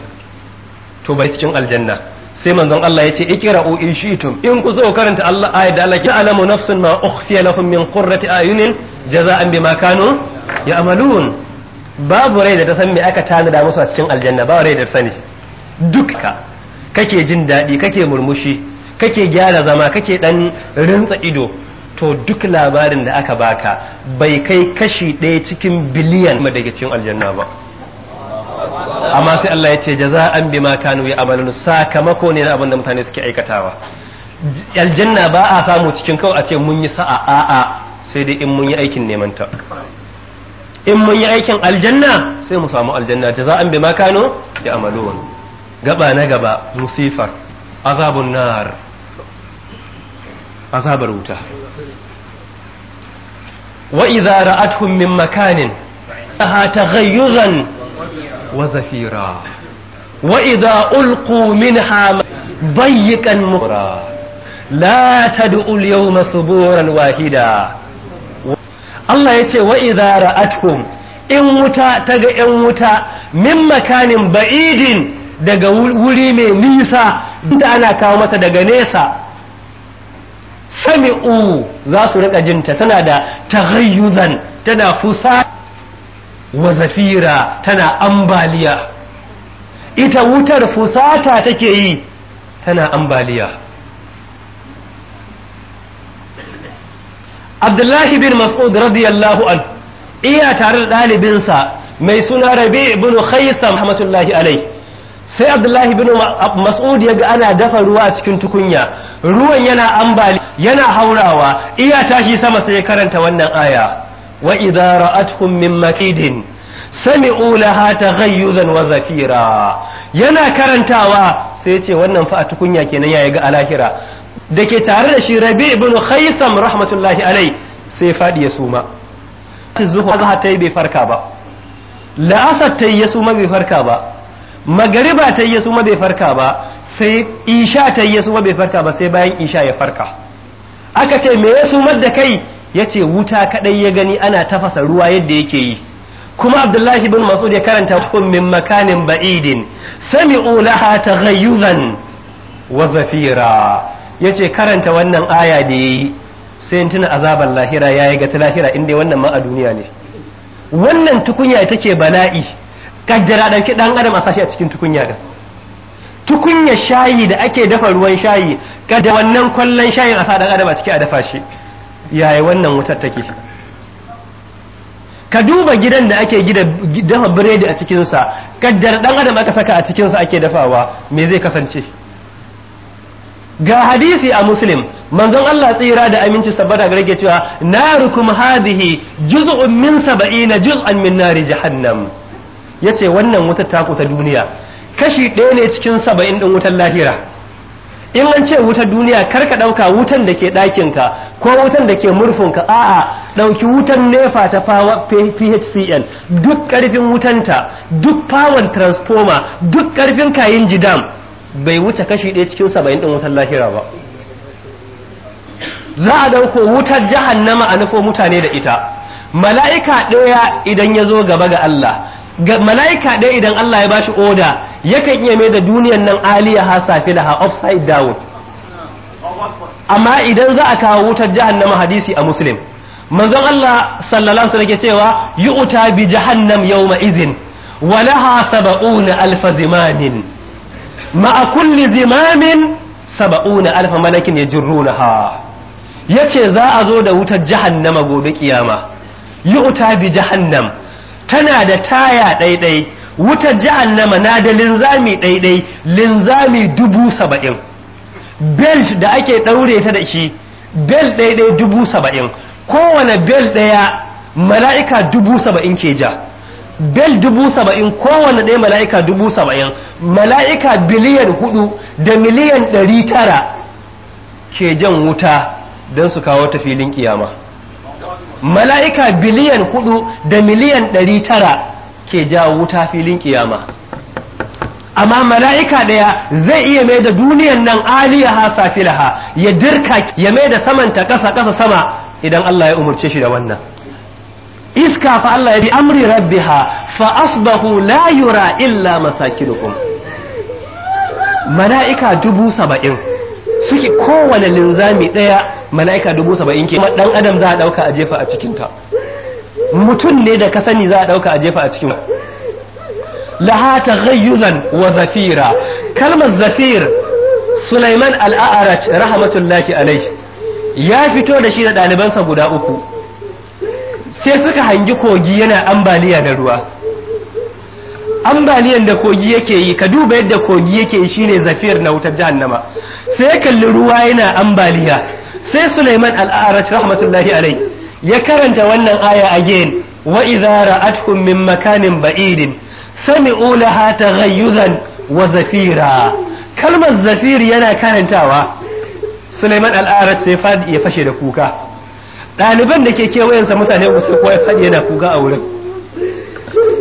to bai cikin aljanna sai manzon Allah ya ce ikra'u in shi'tum in ku zo karanta Allah ayat da Allah ya alamu nafsun ma ukhfiya lahum min qurrati ayunin jaza'an bima kanu ya'malun babu rai da ta san me aka tanada musu a cikin aljanna babu rai da ta sani dukka kake jin daɗi kake murmushi kake gyara zama kake dan rintsa ido to duk labarin da aka baka bai kai kashi ɗaya cikin biliyan daga cikin aljanna ba amma sai Allah ya ce jaza'an bima kanu amalun sakamako ne na abinda mutane suke aikatawa aljanna ba a samu cikin kawai a ce mun yi sa'a a'a sai dai in mun yi aikin neman ta in mun yi aikin aljanna sai mu samu aljanna jaza'an bima kanu ya'malun gaba na gaba musifar azabun nar azabar wuta wa idza ra'atuhum min makanin ta ghayyuzan وزفيرا وإذا ألقوا منها ضيقا مرا لا تدعوا اليوم ثبورا واحدا الله يتي وإذا رأتكم إن متى تقع إن متى من مكان بعيد daga wuri نيسا nisa da ana kawo mata daga nesa sami'u za su rika jinta wa zafira tana ambaliya ita wutar fusata take yi tana ambaliya abdullahi bin mas'ud radiyallahu an iya tare da ɗalibinsa mai suna rabi ibn khaisam rahmatullahi alai sai abdullahi bin mas'ud ya ga ana dafa ruwa a cikin tukunya ruwan yana ambali yana haurawa iya tashi sama sai ya karanta wannan aya wa idza ra'atuhum min makidin sami'u laha taghayyuzan wa zafira yana karantawa sai ce wannan fa a tukunya kenan yayi ga alahira dake tare da shi Rabi ibn Khaysam rahmatullahi alai sai fadi ya suma zuhu azha tai bai farka ba la'asar tai ya suma bai farka ba magariba tai ya suma bai farka ba sai isha tai ya suma bai farka ba sai bayan isha ya farka aka ce me ya sumar da kai ya ce wuta kaɗai ya gani ana tafasa ruwa yadda yake yi kuma abdullahi bin masud ya karanta kun min makanin ba'idin sami'u ta gayyuzan wa zafira yace karanta wannan aya da yi sai tuna azabar lahira ya yi gata lahira inda wannan ma a duniya ne wannan tukunya ke bala'i kaddara dauki dan adam a sashi a cikin tukunya da tukunya shayi da ake dafa ruwan shayi kada wannan kwallon shayin a sa dan adam a ciki a dafa shi yaya wannan wutar take ka duba gidan da ake dafa biredi a cikinsa kaddar dan adam aka saka a cikinsa ake dafawa me zai kasance ga hadisi a muslim manzon Allah tsira da aminci sabbata ga rage cewa narukum hadhihi juz'un min sab'ina juz'an min nari jahannam yace wannan wutar ta kusa duniya kashi ɗaya ne cikin saba'in ɗin wutar lahira in an ce wutar duniya kar ka ɗauka wutan da ke ɗakinka ko wutan da ke murfinka a'a ɗauki wutan nefa ta phcn duk ƙarfin wutanta duk power transformer duk ƙarfin kayin jidam bai wuce kashi ɗaya cikin saba'in ɗin wutar lahira ba za a ɗauko wutar jahannama a nufo mutane da ita mala'ika ɗaya idan ya zo gaba ga Allah ga mala'ika ɗaya idan Allah ya ba shi oda yakan iya mai da duniyan nan aliya ha safi da ha upside down amma idan za a kawo wutar jahannama hadisi a muslim manzon Allah sallallahu alaihi wasallam cewa yu'ta bi jahannam yawma izin wa laha sab'una alf zimamin ma'a kulli zimamin ya alf malakin yajrunaha yace za a zo da wutar jahannama gobe kiyama yu'ta bi jahannam tana da taya ɗaiɗai wutar jahannama na da linzami ɗaiɗai linzami dubu saba'in belt da ake ɗaure ta da shi belt ɗaiɗai dubu saba'in kowane belt ɗaya mala'ika dubu saba'in ke ja bel dubu saba'in kowane ɗaya mala'ika dubu saba'in mala'ika biliyan hudu da miliyan ɗari tara ke jan wuta don su kawo ta filin kiyama mala'ika biliyan hudu da miliyan ɗari tara ke jawo wuta filin kiyama amma mala'ika ɗaya zai iya mai da duniyan nan aliyaha safilaha ya dirka ya mai da samanta ƙasa ƙasa sama idan Allah ya umarce shi da wannan iska fa Allah ya bi amri rabbiha fa asbahu la yura illa masakinukum mala'ika dubu saba'in suke kowane linzami ɗaya mala'ika dubu saba'in ke dan adam za a dauka a jefa a cikin ta mutum ne da ka sani za a dauka a jefa a cikin laha taghayyuzan wa zafira kalmar zafir Sulaiman al-A'raj rahmatullahi alayhi ya fito da shi da ɗalibansa guda uku sai suka hangi kogi yana ambaliya da ruwa ambaliyan da kogi yake yi ka duba yadda kogi yake yi shine Zafir na wutar jahannama sai kalli ruwa yana ambaliya sai Sulaiman al'arar rahmatullahi alai ya karanta wannan aya again wa idza ra'atuhum min makanin ba'idin sami'u laha rayuzan wa zafira kalmar zafir yana karantawa Sulaiman al'arash sai fadi ya fashe da kuka ɗaliban da ke kewayensa mutane kusa kuwa ya fadi yana kuka a wurin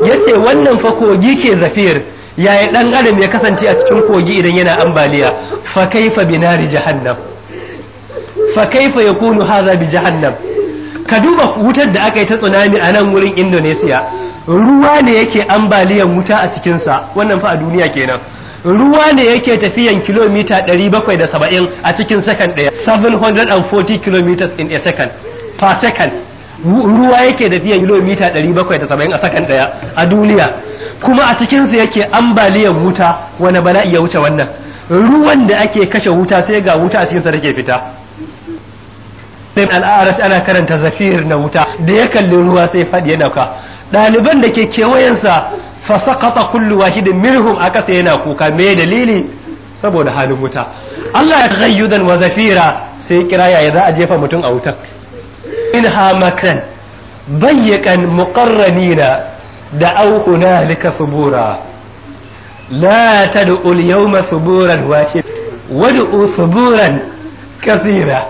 Ya ce wannan fa kogi ke zafir yaya ɗan adam ya kasance a cikin kogi idan yana ambaliya fa kaifa binari jahannam fa kaifa kunu haza bi jahannam ka duba wutar da aka yi ta tsunami a nan wurin Indonesia ruwa ne yake ambaliyan wuta a cikinsa wannan fa a duniya kenan ruwa ne yake tafiyan kilomita 770 a cikin second daya 740 kilometers in a second per second ruwa yake tafiyan kilomita 770 a sakan daya a duniya kuma a cikinsa yake ambaliyar wuta wani bala'i ya wuce wannan ruwan da ake kashe wuta sai ga wuta a cikinsa da ke fita sai al'arash ana karanta zafir na wuta da ya kalli ruwa sai faɗi yana kuka ɗaliban da ke kewayensa fa sakata kullu wahidin mirhum a ƙasa yana kuka me dalili saboda halin wuta Allah ya ghayyudan wa zafira sai kira yaya za a jefa mutum a wutan inha makran dayyakan muqarranina da au hunalika subura la tad'u al-yawma suburan wahid wad'u suburan kathira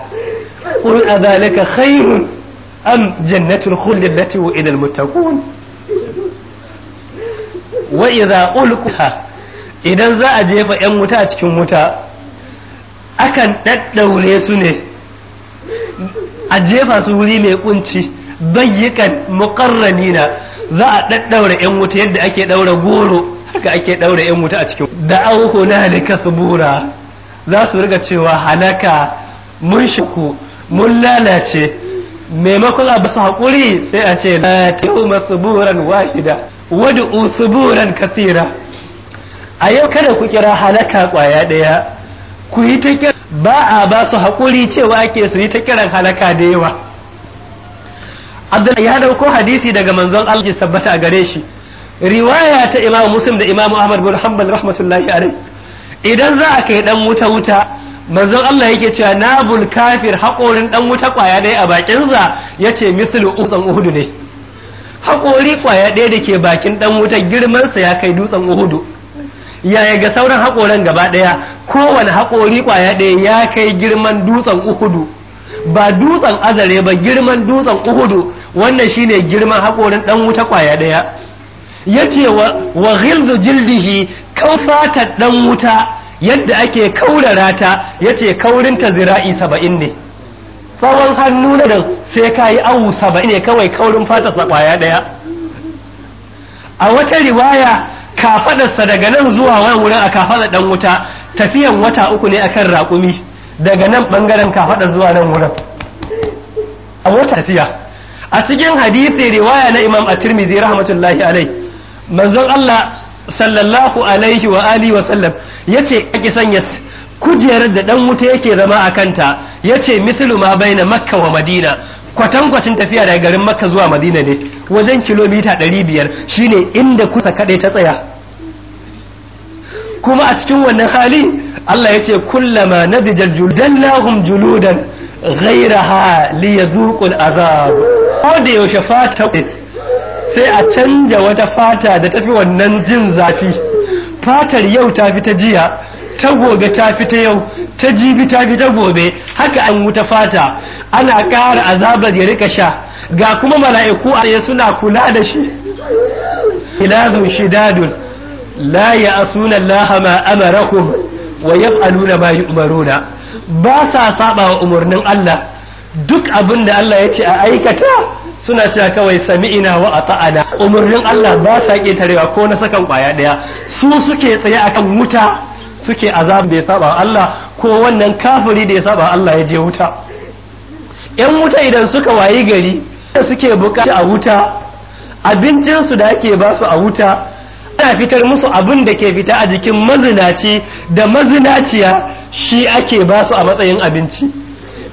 قل أذلك خير أم جنة الخلد التي وإلى المتقون وإذا ألقها idan za a jefa 'yan wuta a cikin wuta akan ɗaɗɗaure su ne a jefa su wuri mai kunci bayyukan muƙarranina za a ɗaɗɗaure 'yan wuta yadda ake ɗaura goro haka ake ɗaura 'yan wuta a cikin da auku na halika bura za su riga cewa halaka mun shiku mun lalace maimakon a basu haƙuri sai a ce na tauma suburan wahida wad'u buran kasira a yau kada ku kira halaka kwaya ɗaya ku yi ta kira ba a ba su haƙuri cewa ake su yi ta kiran halaka da yawa abdullahi ya dauko hadisi daga manzon Allah sabbata a gare shi riwaya ta imamu muslim da imam ahmad bin hanbal rahmatullahi alaihi idan za a kai dan wuta wuta manzon Allah yake cewa nabul kafir haƙorin dan wuta kwaya ɗaya a bakinsa yace mislu utsan uhudu ne haƙori kwaya ɗaya da ke bakin dan wuta girmansa ya kai dutsen uhudu yaya ga sauran haƙoran gaba ɗaya kowane haƙori kwaya ɗaya ya kai girman dutsen uhudu ba dutsen azare ba girman dutsen uhudu wannan shine girman haƙorin dan wuta kwaya ɗaya ya ce wa ghilzu jildihi kan fatar dan wuta yadda ake kaurara ta ya kaurin ta zira'i saba'in ne tsawon hannu na da sai ka yi awu saba'in ne kawai kaurin fata sa kwaya daya a wata riwaya kafadarsa daga nan zuwa wani wurin a kafadar dan wuta tafiyan wata uku ne akan raƙumi daga nan bangaren kafadar zuwa nan wurin a wata tafiya a cikin hadisi riwaya na imam at-tirmidhi rahmatullahi alai manzon Allah sallallahu alaihi wa alihi wa sallam yace ake sanya kujerar da dan wuta yake zama a kanta yace mithlu ma baina makka wa madina kwatankwacin tafiya daga garin makka zuwa madina ne wajen kilomita 500 shine inda kusa kadai ta tsaya kuma a cikin wannan hali Allah yace kullama nabijal juldallahum juludan ghayraha liyazuqul azab ko da yaushe fata sai a canja wata fata da tafi wannan jin zafi fatar yau ta fi ta jiya ta gobe ta fi ta yau ta jibi ta fi ta gobe haka an wuta fata ana ƙara azabar ya rika sha ga kuma mala'iku a suna kula da shi ilazun shidadun la ya asuna Allah ma amarahum wa yaf'aluna ma yu'maruna ba sa saba wa umarnin Allah duk abin da Allah ya ce a aikata suna cewa kawai sami'ina wa ata'ana umurnin Allah ba sa ketarewa ko na sakan kwaya daya su suke tsaye akan wuta suke azab da ya saba Allah ko wannan kafiri da ya saba Allah ya je wuta yan wuta idan suka wayi gari da suke buƙaci a wuta abincin su da ake ba su a wuta ana fitar musu abin da ke fita a jikin mazinaci da mazinaciya shi ake ba su a matsayin abinci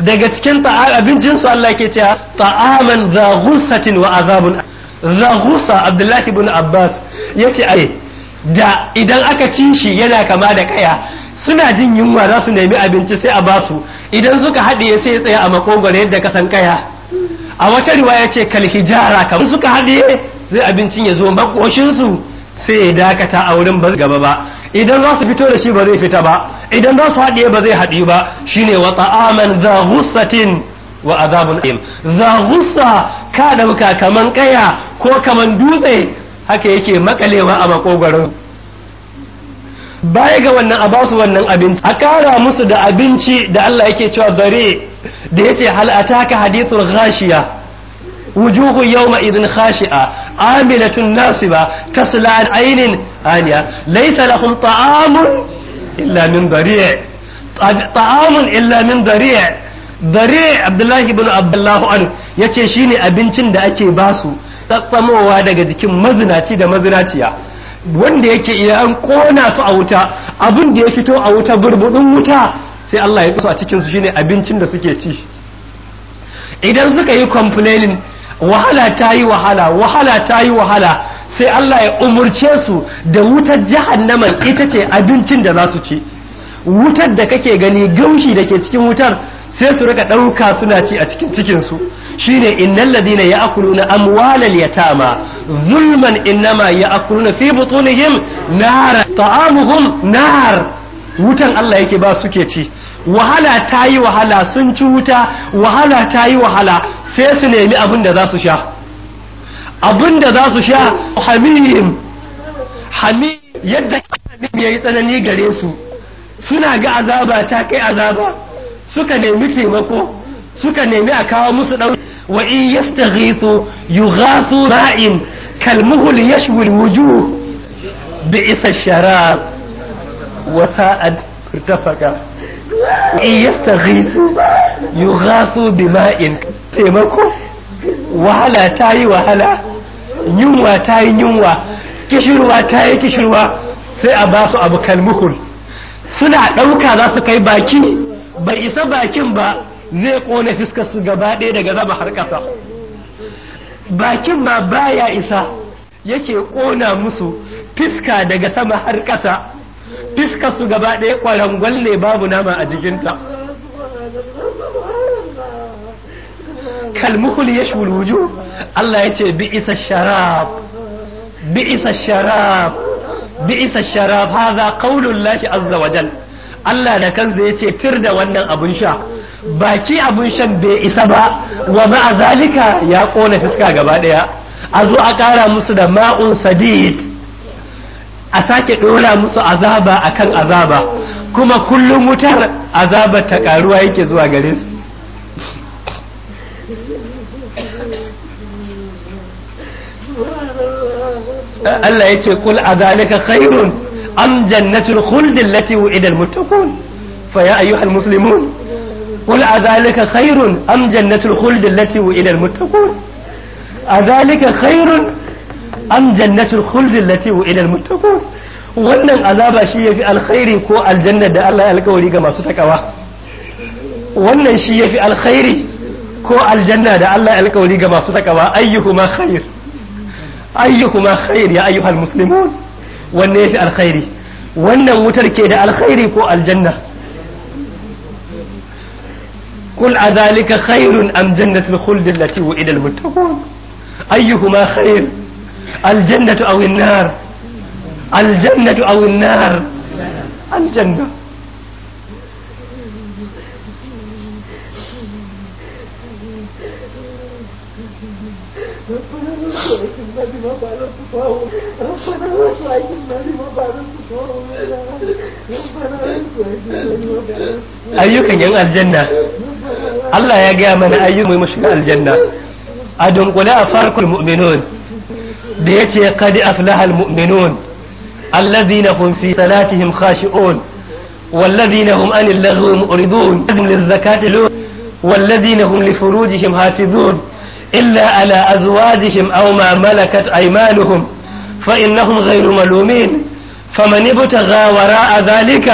daga cikin abin jinsu Allah ke cewa ta'aman za ghusatin wa azabun za gusa Abdullahi bin Abbas Ya yace ai da idan aka cin shi yana kama da kaya suna jin yunwa za su nemi abinci sai a basu idan suka haɗiye sai ya tsaya a makogwar yadda ka san kaya a wata ya ce kal hijara kamar suka haɗiye sai abincin ya zo makoshin su sai ya dakata a wurin ba gaba ba idan za su fito da shi ba zai fita ba idan za su haɗiye ba zai haɗi ba shine wa ta'aman za ghussatin wa azabun alim za ghussa ka dauka kaman kaya ko kaman dutse haka yake makalewa a makogarin baya ga wannan a basu wannan abinci a kara musu da abinci da Allah yake cewa bare da yace hal ataka hadithul ghashiya wujuhu yawma idhin khashi'a amilatun nasiba tasla aynin aniya laysa lahum ta'amun illa min dari' ta'amun illa min dari' dari' abdullahi ibn abdullah anhu yace shine abincin da ake basu tsatsamowa daga jikin mazinaci da mazinaciya wanda yake iya an su a wuta abin da ya fito a wuta burbudin wuta sai Allah ya kusa a cikin su abincin da suke ci idan suka yi complaining wahala ta yi wahala wahala ta yi wahala sai Allah ya umurce su da wutar jahannaman ita ce abincin da za su ci wutar da kake gani gaushi da ke cikin wutar sai su rika ɗauka suna ci a cikin cikinsu shi ne innal ladina ya na amwalal yatama zulman innama ya akulu na fi butunihim nar ta'amuhum nar wutan Allah yake ba suke ci wahala ta yi wahala sun ci wuta wahala ta yi wahala sai su nemi abin da za su sha abin da za su sha hamim hamim yadda hamim ya yi tsanani gare su suna ga azaba ta kai azaba suka nemi taimako suka nemi a kawo musu ɗau wa in yastaghithu yughathu ra'in kalmuhul yashwi wuju bi isa sharab wa sa'ad yastaghisu yughasu bima'in taimako wahala ta yi wahala yunwa ta yi yunwa kishirwa ta yi kishirwa sai a ba su abu kalmukul suna ɗauka za su kai baki bai isa bakin ba zai kone fiskar su gaba ɗaya daga zama har ƙasa bakin ba baya isa yake kona musu fiska daga sama har ƙasa fiska su gaba ɗaya kwarangwal ne babu nama a jikinta kalmuhul ya shur'uju. Allah ya ce bi isa sharab bi isa sharaf bi isa haza qaulul lahi azza wajen. Allah da kansa ya ce tir da wannan abun sha baki abun shan bai isa ba wa ma'a zalika ya kona fiska gaba ɗaya a zo a kara musu da ma'un sadid a sake dora musu azaba akan azaba kuma kullum wutar azaba ta karuwa yake zuwa gare su Allah ya ce kul azalika khairun am jannatul khuld allati wu'ida almuttaqun fa ya ayyuhal muslimun kul azalika khairun am jannatul khuld allati wu'ida almuttaqun azalika khairun am jannatul khuldi allati wa'ida almuttaqun wannan azaba shi yafi alkhairi ko aljanna da Allah ya alkawari ga masu takawa wannan shi yafi alkhairi ko aljanna da Allah ya alkawari ga masu takawa ayyuhuma khair ayyuhuma khair ya ayyuhal muslimun wanne yafi alkhairi wannan wutar ke da alkhairi ko aljanna قل أذلك خير أم جنة الخلد التي وعد المتقون أيهما خير الجنة أو النار الجنة أو النار الجنة ربنا ayyukan yan aljanna Allah ya gaya mana ayyukan mai mashiga aljanna a dunkule a farkon mu'minun da ya ce kadi aflahal mu'minun allazina hum fi salatihim khashi'un والذين هم عن اللغو معرضون للزكاة والذين هم لفروجهم حافظون إلا على أزواجهم أو ما ملكت أيمانهم فإنهم غير ملومين فمن ابتغى وراء ذلك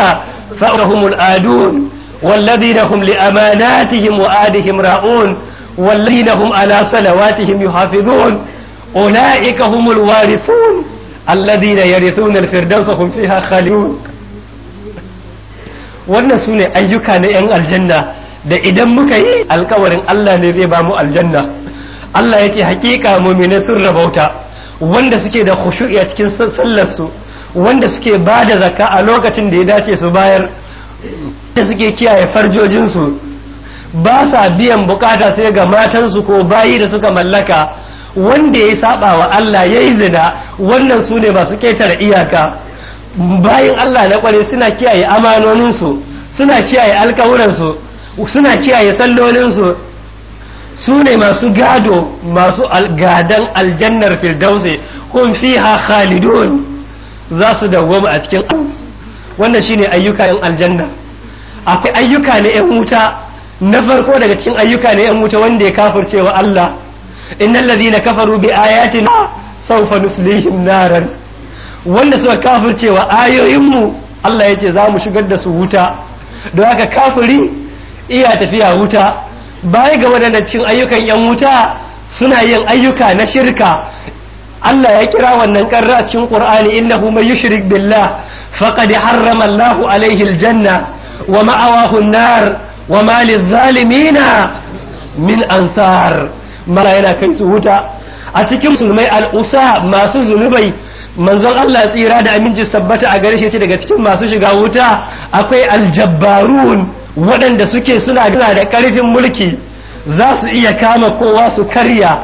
فهم الآدون والذين هم لأماناتهم وآدهم راؤون والذين هم على صلواتهم يحافظون أولئك هم الوارثون الذين يرثون الفردوس هم فيها خالدون wannan su ne ayyuka na 'yan aljanna da idan muka yi alkawarin Allah ne zai ba mu aljanna Allah ya ce hakika mumina sun rabauta wanda suke da khushu'i a cikin sallarsu wanda suke ba da zaka a lokacin da ya dace su bayar da suke kiyaye farjojinsu ba sa biyan bukata sai ga matansu ko bayi da suka mallaka wanda ya saba wa Allah ya yi zina wannan su ne masu ketare iyaka bayan Allah na kware suna kiyaye amanoninsu suna kiyaye alkawuransu suna kiyaye sallolinsu su ne masu gado masu gadan aljannar firdausi kun fi ha khalidun za su dawwama a cikin wannan shine ayyuka yan aljanna akwai ayyuka na yan wuta na farko daga cikin ayyuka na yan wuta wanda ya kafircewa Allah innal ladhina kafaru bi ayatina sawfa nuslihim naran wanda suka kafircewa ayoyinmu Allah ya ce za mu shigar da su wuta don haka kafiri iya tafiya wuta baya ga waɗanda cikin ayyukan yan wuta suna yin ayyuka na shirka Allah ya kira wannan karra cikin Qur'ani innahu may yushrik billah faqad harrama Allah alaihi aljanna wa ma'awahu an-nar wa ma lil-zalimin min ansar mara yana kai su huta a cikin musulmai al'usa masu zunubai manzon Allah tsira da aminci sabbata a gare shi ce daga cikin masu shiga wuta akwai aljabbarun waɗanda suke suna da ƙarfin mulki za su iya kama kowa su karya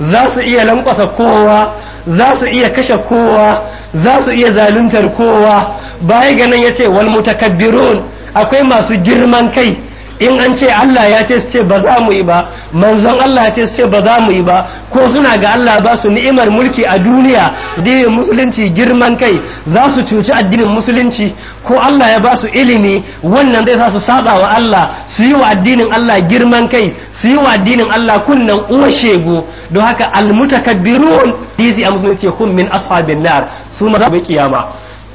za su iya lankwasa kowa za su iya kashe kowa za su iya zaluntar kowa baya ganin ya ce wal mutakabbirun akwai masu girman kai in an ce Allah ya ce su ce ba za mu yi ba manzon Allah ya ce su ce ba za mu yi ba ko suna ga Allah ba su ni'imar mulki a duniya addinin musulunci girman kai za su cuci addinin musulunci ko Allah ya ba su ilimi wannan zai sa su saba wa Allah su yi wa addinin Allah girman kai su yi wa addinin Allah kunnan uwa shego don haka almutakabbirun dizi a musulunci hum min ashabin nar su ma za kiyama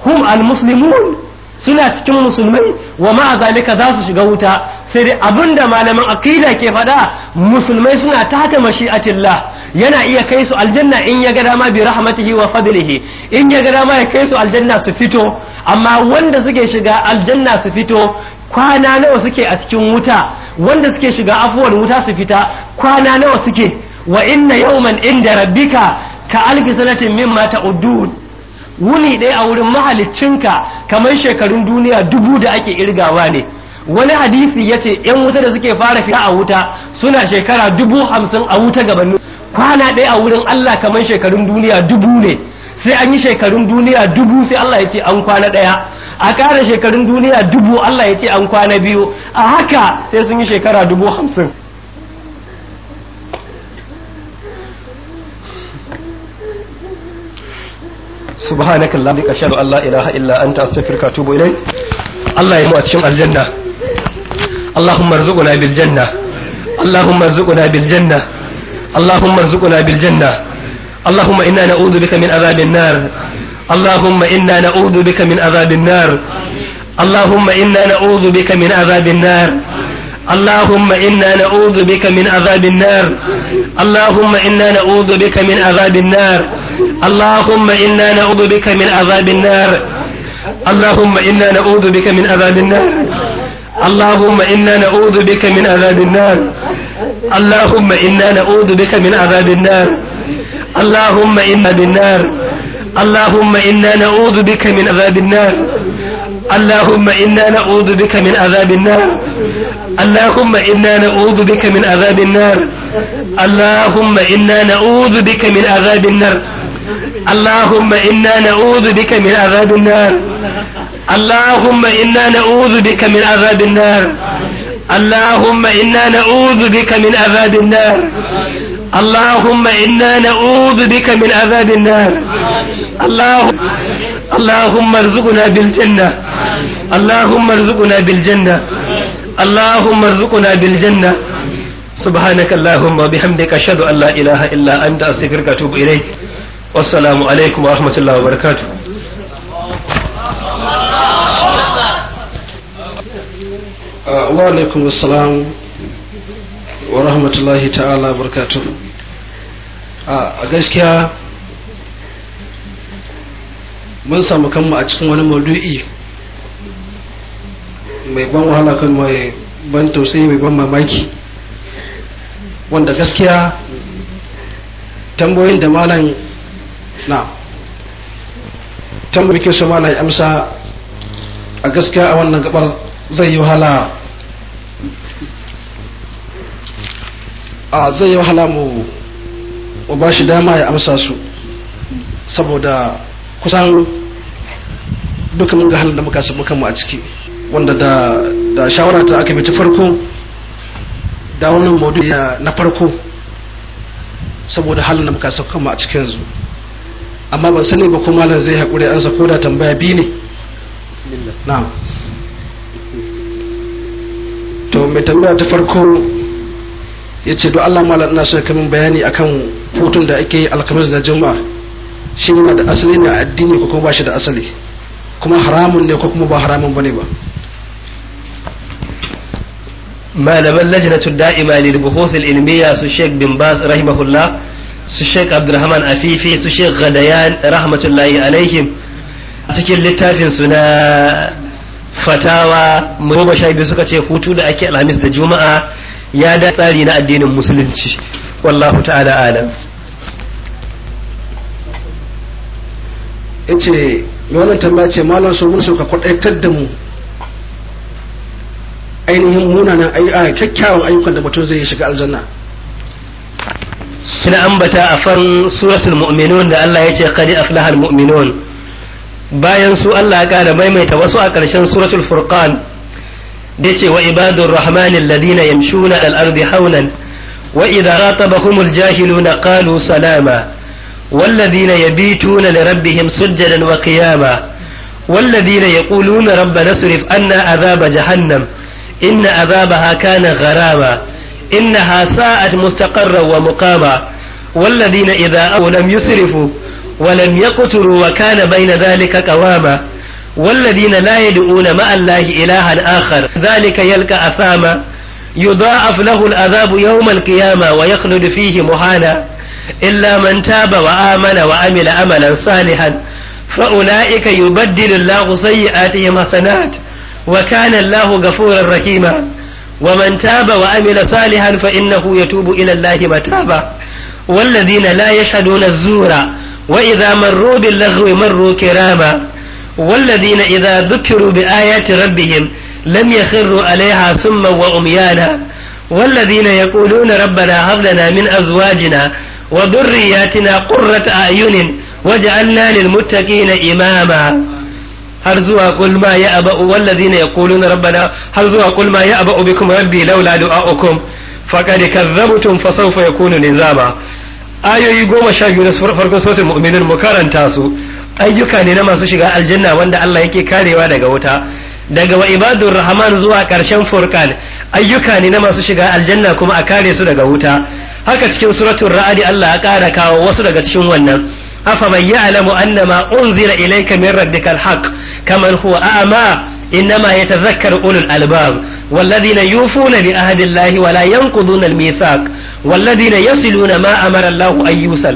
hum almuslimun suna cikin musulmai wa ma'a zalika za su shiga wuta sai dai da malaman aqida ke fada musulmai suna taka mashi'atillah yana iya kai su aljanna in ya ga dama bi rahmatihi wa fadlihi in ya ga dama ya kai su aljanna su fito amma wanda suke shiga aljanna su fito kwana nawa suke a cikin wuta wanda suke shiga afuwar wuta su fita kwana nawa suke wa inna yawman inda rabbika ka alfi sanatin mimma ta'udun wuni ɗaya a wurin mahaliccinka kamar shekarun duniya dubu da ake irgawa ne wani hadisi ya ce ‘yan wuta da suke fara fita a wuta suna shekara dubu hamsin a wuta gabanin kwana ɗaya a wurin Allah kamar shekarun duniya dubu ne sai an yi shekarun duniya dubu sai Allah ya ce an kwana ɗaya a ƙara shekarun duniya dubu Allah ya ce an kwana biyu a haka sai sun yi shekara dubu hamsin subhanaka allahumma ashhadu an la ilaha illa anta astaghfiruka wa atubu ilayk Allah ya a cikin aljanna Allahumma arzuqna bil janna Allahumma arzuqna bil janna Allahumma arzuqna bil janna اللهم إنا نعوذ بك من عذاب النار اللهم إنا نعوذ بك من عذاب النار اللهم إنا نعوذ بك من عذاب النار اللهم إنا نعوذ بك من عذاب النار اللهم إنا نعوذ بك من عذاب النار اللهم إنا نعوذ بك من عذاب النار اللهم إنا بالنار اللهم إنا نعوذ بك من عذاب النار اللهم إنا نعوذ بك من عذاب النار اللهم إنا نعوذ بك من عذاب النار اللهم إنا نعوذ بك من عذاب النار اللهم إنا نعوذ بك من عذاب النار اللهم إنا نعوذ بك من عذاب النار اللهم إنا نعوذ بك من عذاب النار اللهم إنا نعوذ بك من عذاب النار اللهم اللهم ارزقنا بالجنة اللهم ارزقنا بالجنة اللهم ارزقنا بالجنة سبحانك اللهم وبحمدك أشهد أن لا إله إلا أنت أستغفرك وأتوب إليك wassalamu alaikum wa rahmatullahi wa barakatuh uh, wa alaikum assalam wa rahmatullahi ta'ala barakatuh uh, a gaskiya mun samu kanmu a cikin wani maudu'i mai ban wahala kan mai ban tausayi mai ban mamaki wanda gaskiya tambayoyin da malam na tambayi ke so mala amsa a gaskiya a wannan gabar zai yi wahala a zai yi wahala mu ba shi dama ya amsa su saboda kusan duka mun ga halin da muka samu kanmu a ciki wanda da da shawara ta aka bi ta farko da wannan maudu na farko saboda halin da muka samu kanmu a cikin yanzu amma ba sani ba ko malam zai haƙuri ansa ko da tambaya biyu ne na'am to mai tambaya ta farko ya ce don allah malam ina son kamin bayani akan hutun da ake yi alkamis da juma'a shi yana da asali ne a addini ko kuma ba shi da asali kuma haramun ne ko kuma ba haramun bane ba malaman lajnatul da'ima lil buhuth al ilmiya su Sheikh bin Baz rahimahullah su sheik abdulrahman afifi su sheik gadayan rahmatullahi alaihim a cikin littafin su na fatawa goma sha biyu suka ce hutu da ake alhamis da juma'a ya da tsari na addinin musulunci wallahu ta'ala alam ce wannan tambaya ce malam so mun ka kwadaitar da mu ainihin munanan kyakkyawan ayyukan da mutum zai shiga aljanna suna ambata a fan suratul mu'minun da Allah ya ce qad aflahal mu'minun bayan su Allah ya kara maimaita wasu a ƙarshen suratul furqan da ce wa ibadur rahmanil ladina yamshuna al ardi hawlan wa idza ratabahumul jahiluna qalu salama والذين يبيتون لربهم سجدا وقياما والذين يقولون ربنا اصرف عنا عذاب جهنم إن عذابها كان غراما إنها ساءت مستقرا ومقاما والذين إذا أو لم يسرفوا ولم يقتلوا وكان بين ذلك قواما والذين لا يدعون مع الله إلها آخر ذلك يلقى أثاما يضاعف له العذاب يوم القيامة ويخلد فيه مهانا إلا من تاب وآمن وعمل عملا صالحا فأولئك يبدل الله سيئاتهم حسنات وكان الله غفورا رحيما ومن تاب وعمل صالحا فإنه يتوب إلى الله متابا والذين لا يشهدون الزور وإذا مروا باللغو مروا كراما والذين إذا ذكروا بآيات ربهم لم يخروا عليها سما وأميانا والذين يقولون ربنا هب لنا من أزواجنا وذرياتنا قرة أعين واجعلنا للمتقين إماما har zuwa qul ma wal ladina yaquluna rabbana har zuwa qul ma abu bikum rabbi laula du'a'ukum faqad kadzabtum sawfa yakunu nizama ayoyi goma sha biyu na farkon sosai mu'minin mu karanta su ayyuka ne na masu shiga aljanna wanda Allah yake karewa daga wuta daga wa ibadur rahman zuwa karshen furqan ayyuka ne na masu shiga aljanna kuma a kare su daga wuta haka cikin suratul ra'adi Allah ya kara kawo wasu daga cikin wannan أفمن يعلم أن ما أنزل إليك من ربك الحق كمن هو أعمى إنما يتذكر أولو الألباب والذين يوفون بعهد الله ولا ينقضون الميثاق والذين يصلون ما أمر الله أن يوصل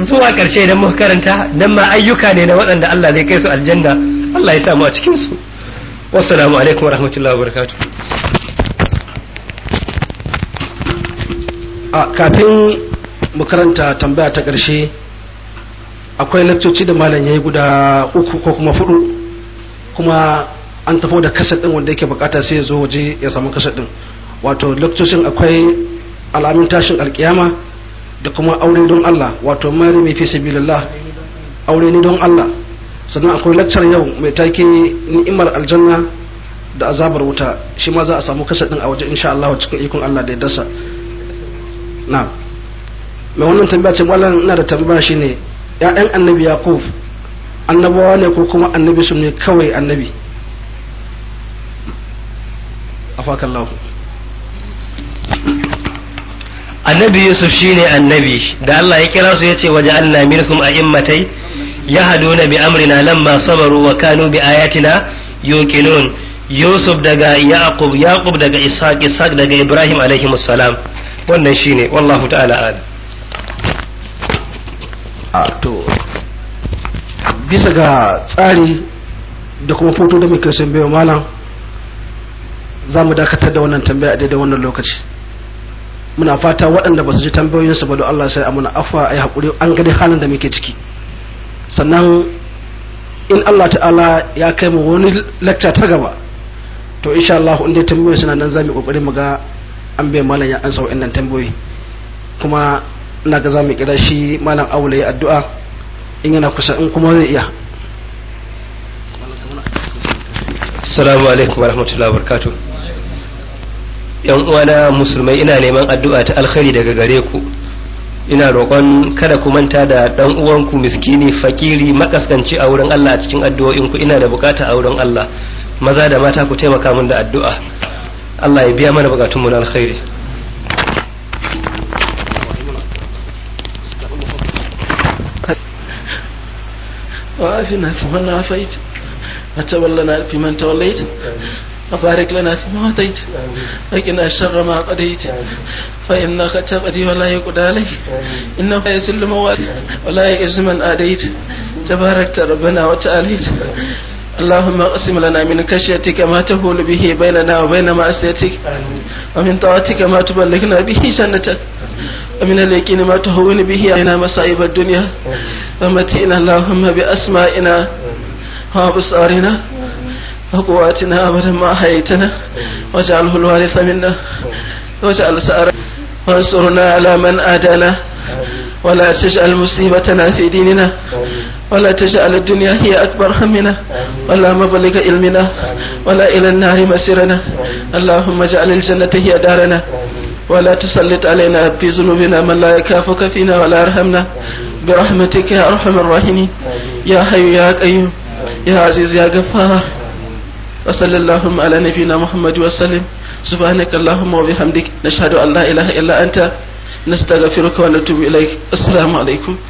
zuwa ƙarshe don muka karanta ma ayyuka ne na waɗanda Allah zai kai su aljanna Allah ya samu a cikinsu. su wassalamu alaikum warahmatullahi wa barakatu. kafin mu karanta tambaya ta ƙarshe akwai lakcoci da malam ya yi guda uku ko kuma fudu kuma an tafo da kasar din wanda yake bukata sai ya zo waje ya samu kasar din wato lakcocin akwai alamin tashin alkiyama da kuma aure don Allah wato mari mai fisa sabilillah aure ni don Allah sannan akwai lakcar yau mai take ni'imar aljanna da azabar wuta shi ma za a samu kasar din a waje insha Allah cikin ikon Allah da ya dasa na mai wannan tambaya ce malam ina da tambaya shine ya'yan annabi yaqub annabawa ne ko kuma annabi su ne kawai annabi afakallahu annabi yusuf shine annabi da Allah ya kira su yace waje anna minhum a'immatai yahduna bi amrina lamma sabaru wa kanu bi ayatina yuqinun yusuf daga yaqub yaqub daga ishaq ishaq daga ibrahim alaihi salam wannan shine wallahu ta'ala alim Ah. to bisa ga tsari da kuma foto da muke son biyo malam za mu dakatar da wannan tambaya a daidai wannan lokaci muna fata waɗanda ba su ji su ba da Allah sai a muna afa a yi haƙuri an gani halin da muke ciki sannan in Allah ta'ala ya kai mu wani lacca ta gaba to insha Allah inda tambayoyin suna nan za mu ƙoƙari mu ga an bai malam ya ansa nan tambayoyi kuma ina ga za mu kira shi malam aula addu'a in yana kusa in kuma zai iya assalamu alaikum wa rahmatullahi wa barakatuh yan uwana musulmai ina neman addu'a ta alkhairi daga gare ku ina roƙon kada ku manta da ɗan uwanku miskini fakiri makaskanci a wurin Allah a cikin addu'oin ku ina da bukata a wurin Allah maza da mata ku taimaka min da addu'a Allah ya biya mana bukatunmu na alkhairi وعافنا فمن عافيت وتولنا فيمن توليت وبارك لنا فيما أعطيت وقنا الشر ما قضيت فإنك تقضي ولا يقضى عليك إنه يسل يزل ولا يعز من آديت تباركت ربنا وتعاليت اللهم اقسم لنا من خشيتك ما تهول به بيننا وبين معصيتك ومن طاعتك ما تبلغنا به جنتك من اليقين ما تهون به علينا مصائب الدنيا ومتئنا اللهم بأسمائنا وأبصارنا وقواتنا أبدا ما حييتنا واجعله الوارث منا واجعل سأرنا وانصرنا على من آدانا ولا تجعل مصيبتنا في ديننا ولا تجعل الدنيا هي أكبر همنا ولا مبلغ علمنا ولا إلى النار مسيرنا اللهم اجعل الجنة هي دارنا ولا تسلط علينا في ذنوبنا من لا يكافك فينا ولا يرحمنا برحمتك يا أرحم الراحمين يا حي يا قيوم يا عزيز يا غفار وصلى اللهم على نبينا محمد وسلم سبحانك اللهم وبحمدك نشهد أن لا إله إلا أنت نستغفرك ونتوب إليك السلام عليكم